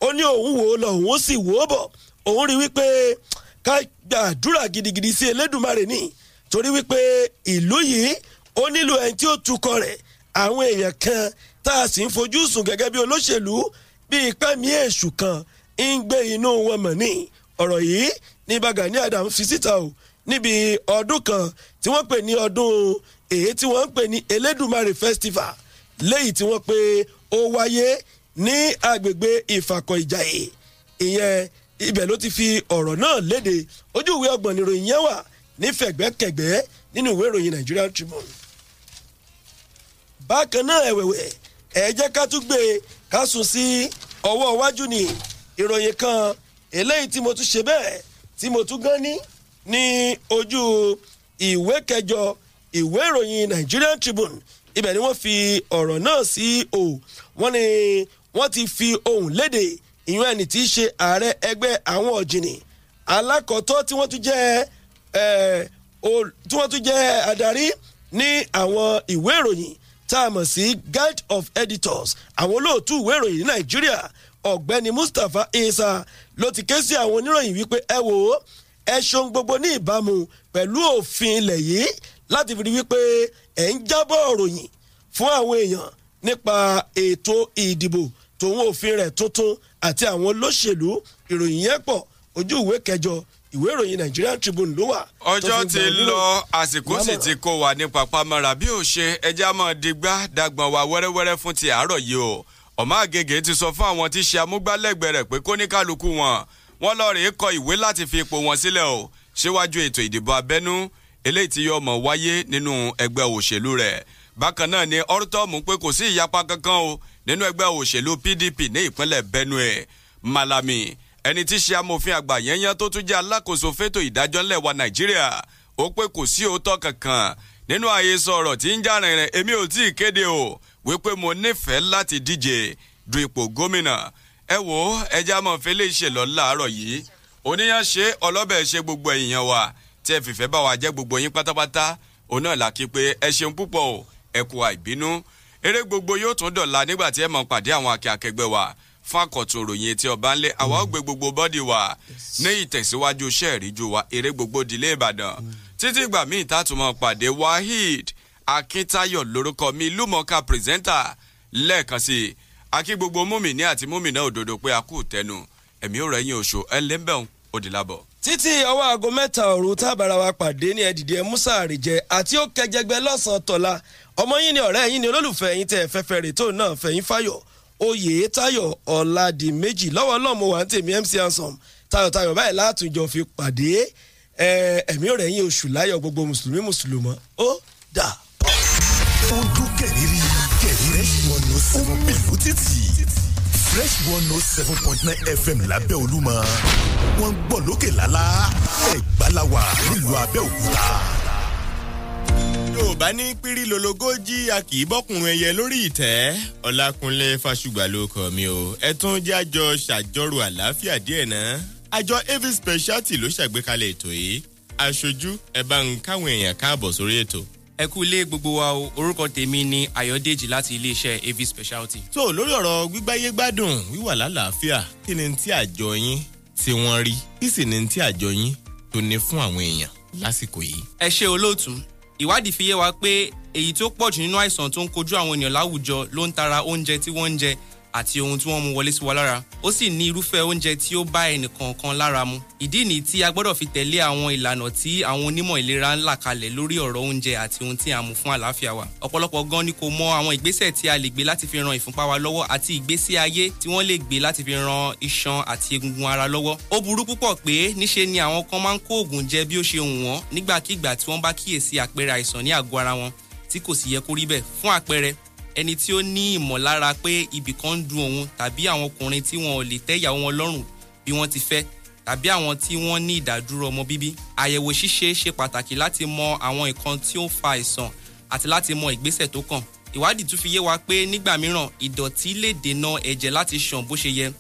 ó ní òun wò ó lọ òun sì wò ó bọ̀ òun rí wípé ká gbàdúrà gidigidi sí Elédùmarè ni torí wípé ìlú yìí ó nílò ẹni tí ó tukọ̀ rẹ̀ àwọn èèyàn kan tá a sì ń fojú sùn gẹ́gẹ́ bí olóṣèlú bí ìpẹ́mí èṣù kan ń gbé inú wọn mọ̀ ní ọ̀rọ̀ yìí ní Ìbà Gani Adams fi síta o níbi ọdún kan tí wọ́n pè ní ọdún èyí tí wọ́n pè ní elédùmarè festival léyìí tí wọ́n pé ó wáyé ní agbègbè ìfàkọ̀ ìjàyè ìyẹn ibẹ̀ ló ti fi ọ̀rọ̀ náà léde ojú ìwé ọgbọ̀n níròyìn yẹn wà ní fẹ̀gbẹ́kẹ̀gbẹ́ nínú ìwé ìròyìn Nigerian Tribune. bákan náà ẹ̀wẹ̀wẹ̀ ẹ jẹ́ ká tún gbé e, ká sùn sí ọwọ́ iwájú ni ìròyìn kan eléyìí tí mo tún ṣe bẹ́ẹ̀ tí mo tún gán ní ní ojú ìwé kẹjọ ìwé ìròyìn Nigerian Tribune ibẹ̀ ni wọ́n fi ọ̀rọ̀ náà sí o wọ́n ní wọ́n ti fi ohùn léde ìyún ẹni tí í ṣe ààrẹ ẹgbẹ́ àwọn ọ̀jìnì alákọ̀ọ́tọ́ tí wọ́n tún jẹ́ tí wọ́n tún jẹ́ adarí ní àwọn ìwé ìròyìn tá a mọ̀ sí guild of editors àwọn olóòtú ìwé ìròyìn ní Nàìjíríà ọ̀gbẹ́ni Mustapha Isa ló ti ké sí àwọn oníròyìn wípé ẹ wò ó ẹ ṣohun gbogbo ní ìbámu pẹ̀lú òfin ilẹ̀ yìí láti fi rí wípé ẹ̀ ń jábọ̀ ròyìn fún àwọn èèyàn nípa ètò ìdìbò tòun òfin rẹ̀ tuntun àti àwọn olóṣèlú ìròyìn yẹn pọ̀ ojú ìwé kẹjọ ìwé ìròyìn Nigerian Tribune ló wà. ọjọ́ ti lọ àsìkò sì ti kó wa ní pàpàmọ́ra bí ó ṣe ẹja mọ́ digbá dagbọ̀n wa wẹ́rẹ́wẹ́rẹ́ fún ti àárọ̀ yìí o ọmọ àgègè ti sọ fún àwọn tí ṣe amúgbálẹ́gbẹ̀ẹ́ rẹ̀ pé kóníkálukú wọn wọ́n lọ rèé kọ ìwé láti fi ipò wọn sílẹ̀ o síwájú ètò ìdìbò abẹ́nú eléyìí tí yóò mọ̀ wáyé nínú ẹgbẹ́ òṣèlú rẹ̀ bákan náà ni ortom pé kò sí ìyapa kankan o nínú ẹgbẹ́ òṣèlú PDP ní ìpínlẹ̀ Benue Malami ẹni tí ṣe amòfin àgbà yẹnyẹn tó tún jẹ́ alákòóso fétò ìdájọ́ ńlẹ̀ wa Nàìjíríà ó pé kò sí òótọ́ kankan nínú àhesọ ọ̀rọ̀ tí ń jà rìnrìn èmi ò tí ì kéde o wípé mo nífẹ̀ẹ́ láti díje du ipò gómìnà ẹ wò ó ẹja mọ̀ fẹ́lẹ́ ìṣèlọ láàárọ̀ yìí oníyàn ṣe ọlọ́bẹ̀ ṣe gbogbo èèyàn wa tí ẹ fìfẹ́ bá wa jẹ́ gbogbo yín pátápátá òun náà là kí pé ẹ ṣeun púpọ̀ o ẹ kú àìbínú eré gbogbo yóò tún dọ̀la nígbà tí ẹ mọ̀ pàdé àwọn akẹ́ akẹgbẹ́ wa fún àkọ́tún ròyìn etí ọba ńlẹ̀ àwa ó gbé gbogbo bọ́dì wa ní ìtẹ̀síwájú iṣẹ́ ìríjú wa eré gbogbo ìdílé Ìbàdàn títí ìgbà míì tàtúmọ̀ pàdé Waheed Akíntayọ̀ lórúkọ mi lúmọ̀ọ́ká pírẹsẹ́ńtà lẹ́ẹ̀kan sí i akí gbogbo mùmínì àti mùmínà òdodo pé a kú tẹnu ẹ̀mí òrò ẹ̀yìn oṣù ẹlẹ́mbẹ̀hún òdìlábọ̀. títí ọwọ́ aago mẹ́ta òru tábàrà wa pàdé ní ẹ̀dìdì ẹ̀ musa àrìjẹ àti ó kẹjẹgbẹ lọ́sàn-án tọ̀la ọmọ yín ni ọ̀rẹ́ yín ni olólùfẹ́ yín tẹ̀ fẹ́fẹ́ rè tó náà fẹ̀yìn fáyọ̀ oyè táyọ̀ ọ̀làdìmẹ́jì lọ́wọ́ ọlọ́mọ wa ń tèmi mc ansom tayo báyìí látùjọ fi pàdé ẹ̀mí òrẹ́yìn oṣù láyọ̀ gbogbo mùsùlùmí mùsùlùmọ́ ó dà. ó dún kẹ̀rìírí fún ìlú títì fresh one oh seven point nine fm lábẹ́ olúmọ wọ́n ń gbọ́ lókè lálá ẹ̀gbálawa nílùú abẹ́òkúta. yorùbá ní pírí lológójì a kì í bọ́kùnrin ẹyẹ lórí ìtẹ́ ọlákúnlé fàṣùgbà ló kọ́ mi o ẹ tún jẹ́ àjọ ṣàjọrò àlàáfíà díẹ̀ náà àjọ av speciality ló ṣàgbékalẹ̀ ètò yìí aṣojú ẹ bá ń káwọn èèyàn káàbọ̀ sórí ètò ẹ kú ilé gbogbo wa o orúkọ tèmi ni ayọ̀dèjì láti iléeṣẹ́ av speciality. tó o lórí ọ̀rọ̀ gbígbáyé gbádùn wíwà lálàáfíà kí ni tí àjọ yín tí wọ́n rí kí sì ni tí àjọ yín tó ní fún àwọn èèyàn lásìkò yìí. ẹ ṣe olóòtú ìwádìí fi yé wa pé èyí tó pọ̀jù nínú àìsàn tó ń kojú àwọn ènìyàn láwùjọ ló ń tara oúnjẹ tí wọ́n ń jẹ àti ohun tí wọ́n mú wọlé sí wa lára ó sì ní irúfẹ́ oúnjẹ tí ó bá ẹnìkọ̀ọ̀kan lára mu ìdí nìyí tí a gbọ́dọ̀ fi tẹ̀lé àwọn ìlànà tí àwọn onímọ̀ ìlera ń là kalẹ̀ lórí ọ̀rọ̀ oúnjẹ àti ohun tí a mú fún àlàáfíà wa ọ̀pọ̀lọpọ̀ gan ni kò mọ àwọn ìgbésẹ̀ tí a lè gbé láti fi ran ìfúnpá wa lọ́wọ́ àti ìgbésí ayé tí wọ́n lè gbé láti fi ran iṣan àti egungun ara lọ́wọ́ ó burú púpọ̀ pé níṣe ni àwọn kan máa ń kó oògùn jẹ bí ó ṣe hùn wọ́n nígbàkigbà tí wọ́n bá kíyèsí àpẹẹrẹ àìsàn ní àgọ́ ara wọn tí kò sì yẹ kó rí bẹ́ẹ̀ fún àpẹẹrẹ ẹni tí ó ní ìmọ̀lára pé ibì kan ń dun òun tàbí àwọn ọkùnrin tí wọn ò lè tẹ́ ìyàwó wọn lọ́rùn bí wọ́n ti fẹ́ tàbí àwọn tí wọ́n ní ìdádúró ọmọ bíbí. àyẹ̀wò ṣíṣe ṣe pàtàkì láti mọ àwọn nǹkan tí ó ń fa àìsàn àti láti mọ ìgbésẹ̀ tó kàn. ìwádìí tún fi yé wa pé nígbà mìíràn ìdọ̀tí lè dènà ẹ̀jẹ̀ láti ṣàn bó ṣe yẹ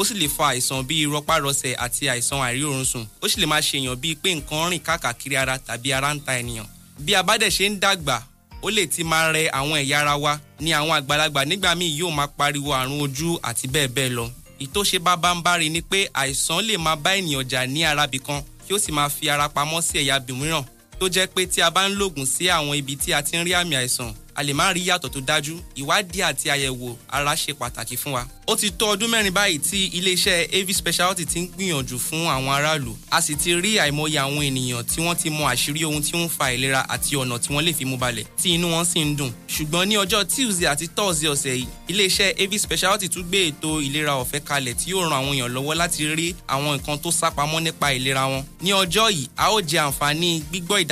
ó sì lè fa àìsàn bíi rọpárọsẹ̀ àti àìsàn àìríoorun ó sì lè máa ṣèyàn bíi pé nǹkan rìn káàkiri ara tàbí ara ń ta ènìyàn bí a ṣe ń dàgbà ó lè ti máa rẹ àwọn ẹ̀yà ara wa ni àwọn àgbàlagbà nígbà míì yóò máa pariwo àrùn ojú àti bẹ́ẹ̀ bẹ́ẹ̀ lọ. ìtòṣe bábáńbárí ni pé àìsàn lè máa bá ènìyàn jà ní arabi kan kí ó sì máa fi ara pamọ́ sí ẹ̀yà bìmíràn tó jẹ́ pé tí a bá ń lògùn sí àwọn ibi tí a ti ń rí àmì àìsàn a lè má rí yàtọ̀ tó dájú ìwádìí àti àyẹ̀wò ara ṣe pàtàkì fún wa. ó ti tó ọdún mẹ́rin báyìí tí iléeṣẹ́ av speciality ti ń gbìyànjú fún àwọn aráàlú a sì ti rí àìmọye àwọn ènìyàn tí wọ́n ti mọ àṣírí ohun tí ó ń fa ìlera àti ọ̀nà tí wọ́n lè fi mú balẹ̀ tí inú wọn sì ń dùn. ṣùgbọ́n ní ọjọ́ tuesday àti thursday ọ̀sẹ̀ yìí iléeṣẹ́ av speciality tún gbé ètò ìlera ọ̀fẹ́ kalẹ̀ tí yóò ran àwọn èèyàn lọ́wọ́ láti rí àwọn nǹkan tó sápamọ́ nípa ìlera wọn. ní ọjọ́ yìí a ó jẹ àǹfààní gbígbọ́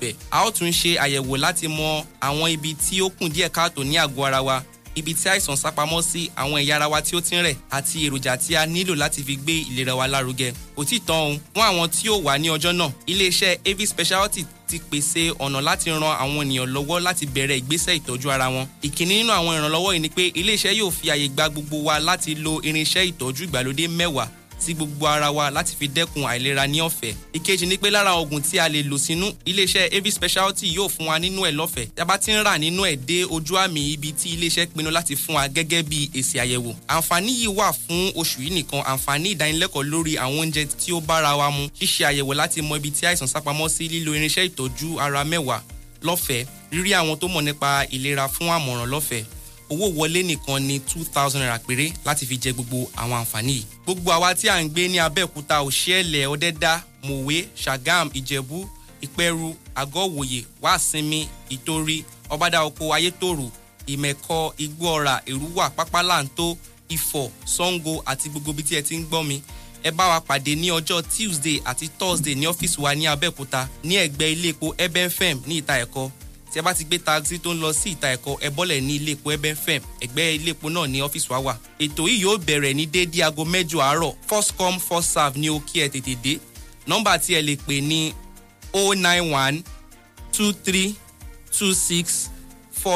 ọ̀fẹ́ a ó tún ṣe àyẹ̀wò láti mọ àwọn ibi tí ó kùn díẹ̀ káàtó ní àgọ́ ara wa ibi tí àìsàn sápamọ́ sí àwọn ẹ̀yà ara wa tí ó ti ń rẹ̀ àti èròjà tí a nílò láti fi gbé ìlera wa lárugẹ. òtítọ́ ohun fún àwọn tí ó wà ní ọjọ́ náà iléeṣẹ́ av speciality ti pèsè ọ̀nà láti ran àwọn ènìyàn lọ́wọ́ láti bẹ̀rẹ̀ ìgbésẹ̀ ìtọ́jú ara wọn. ìkíní nínú àwọn ìrànlọ́wọ́ yìí ni pé iléeṣẹ́ yóò fi àyè gba gbogbo wa láti lo irinṣẹ́ ìtọ́jú ìgbàlódé mẹ́wàá sí gbogbo ara wa láti fi dẹ́kun àìlera ní ọ̀fẹ́. ìkejì ni pé lára oògùn tí a lè lò sínú iléeṣẹ́ av speciality yóò fún wa nínú ẹ̀ lọ́fẹ̀ẹ́ tí a bá ti ń rà nínú ẹ̀ dé ojú àmì ibi tí iléeṣẹ́ pinnu láti fún wa gẹ́gẹ́ bí èsì àyẹ̀wò. àǹfààní yìí wà fún oṣù yìí nìkan àǹfààní ìdánilẹ́kọ̀ọ́ lórí àwọn oúnjẹ tí ó bára wa mu ṣíṣe àyẹ̀wò láti mọ ibi tí àìsàn sápamọ́ sí lílo irinṣẹ́ ìtọ́jú ara mẹ́wàá lọ́fẹ̀ẹ́ rírí àwọn tó mọ̀ nípa ìlera fún àmọ̀ràn lọ́fẹ̀ẹ́ owó wọlé nìkan ni two thousand naira péré láti fi jẹ gbogbo àwọn àǹfààní yìí. gbogbo àwa tí à ń gbé ní abẹ́òkúta òṣèlè ọ̀dẹ́dá mòwe ṣàgám ìjẹ̀bú ìpẹ́rù àgọ́wòye wàsinmi ìtorí ọbádàoko ayétòrò ìmẹ̀kọ igbóọ̀rà èrúwà pápálàǹtó ifọ̀ sango àti gbogbo ibi tí ẹ ti ń gbọ́ mi ẹ bá wa pàdé ní ọjọ́ tuesday àti thursday ní ọ́fíìsì wa ní abẹ́òkúta ní ẹ̀gbẹ́ ilé epo ebenfem ní ìta ẹ̀kọ́ tí ẹ bá ti gbé taxi tó ń lọ sí ìta ẹ̀kọ́ ẹ bọ́lẹ̀ ní ilé epo ẹbẹ̀ fẹ́ náà ní ọ́fíìsì wa wà. ètò yìí yóò bẹ̀rẹ̀ ní déédé aago mẹ́jọ àárọ̀ first come first serve ni o kí ẹ tètè dé nọ́mbà tí ẹ lè pè ní 091 23 26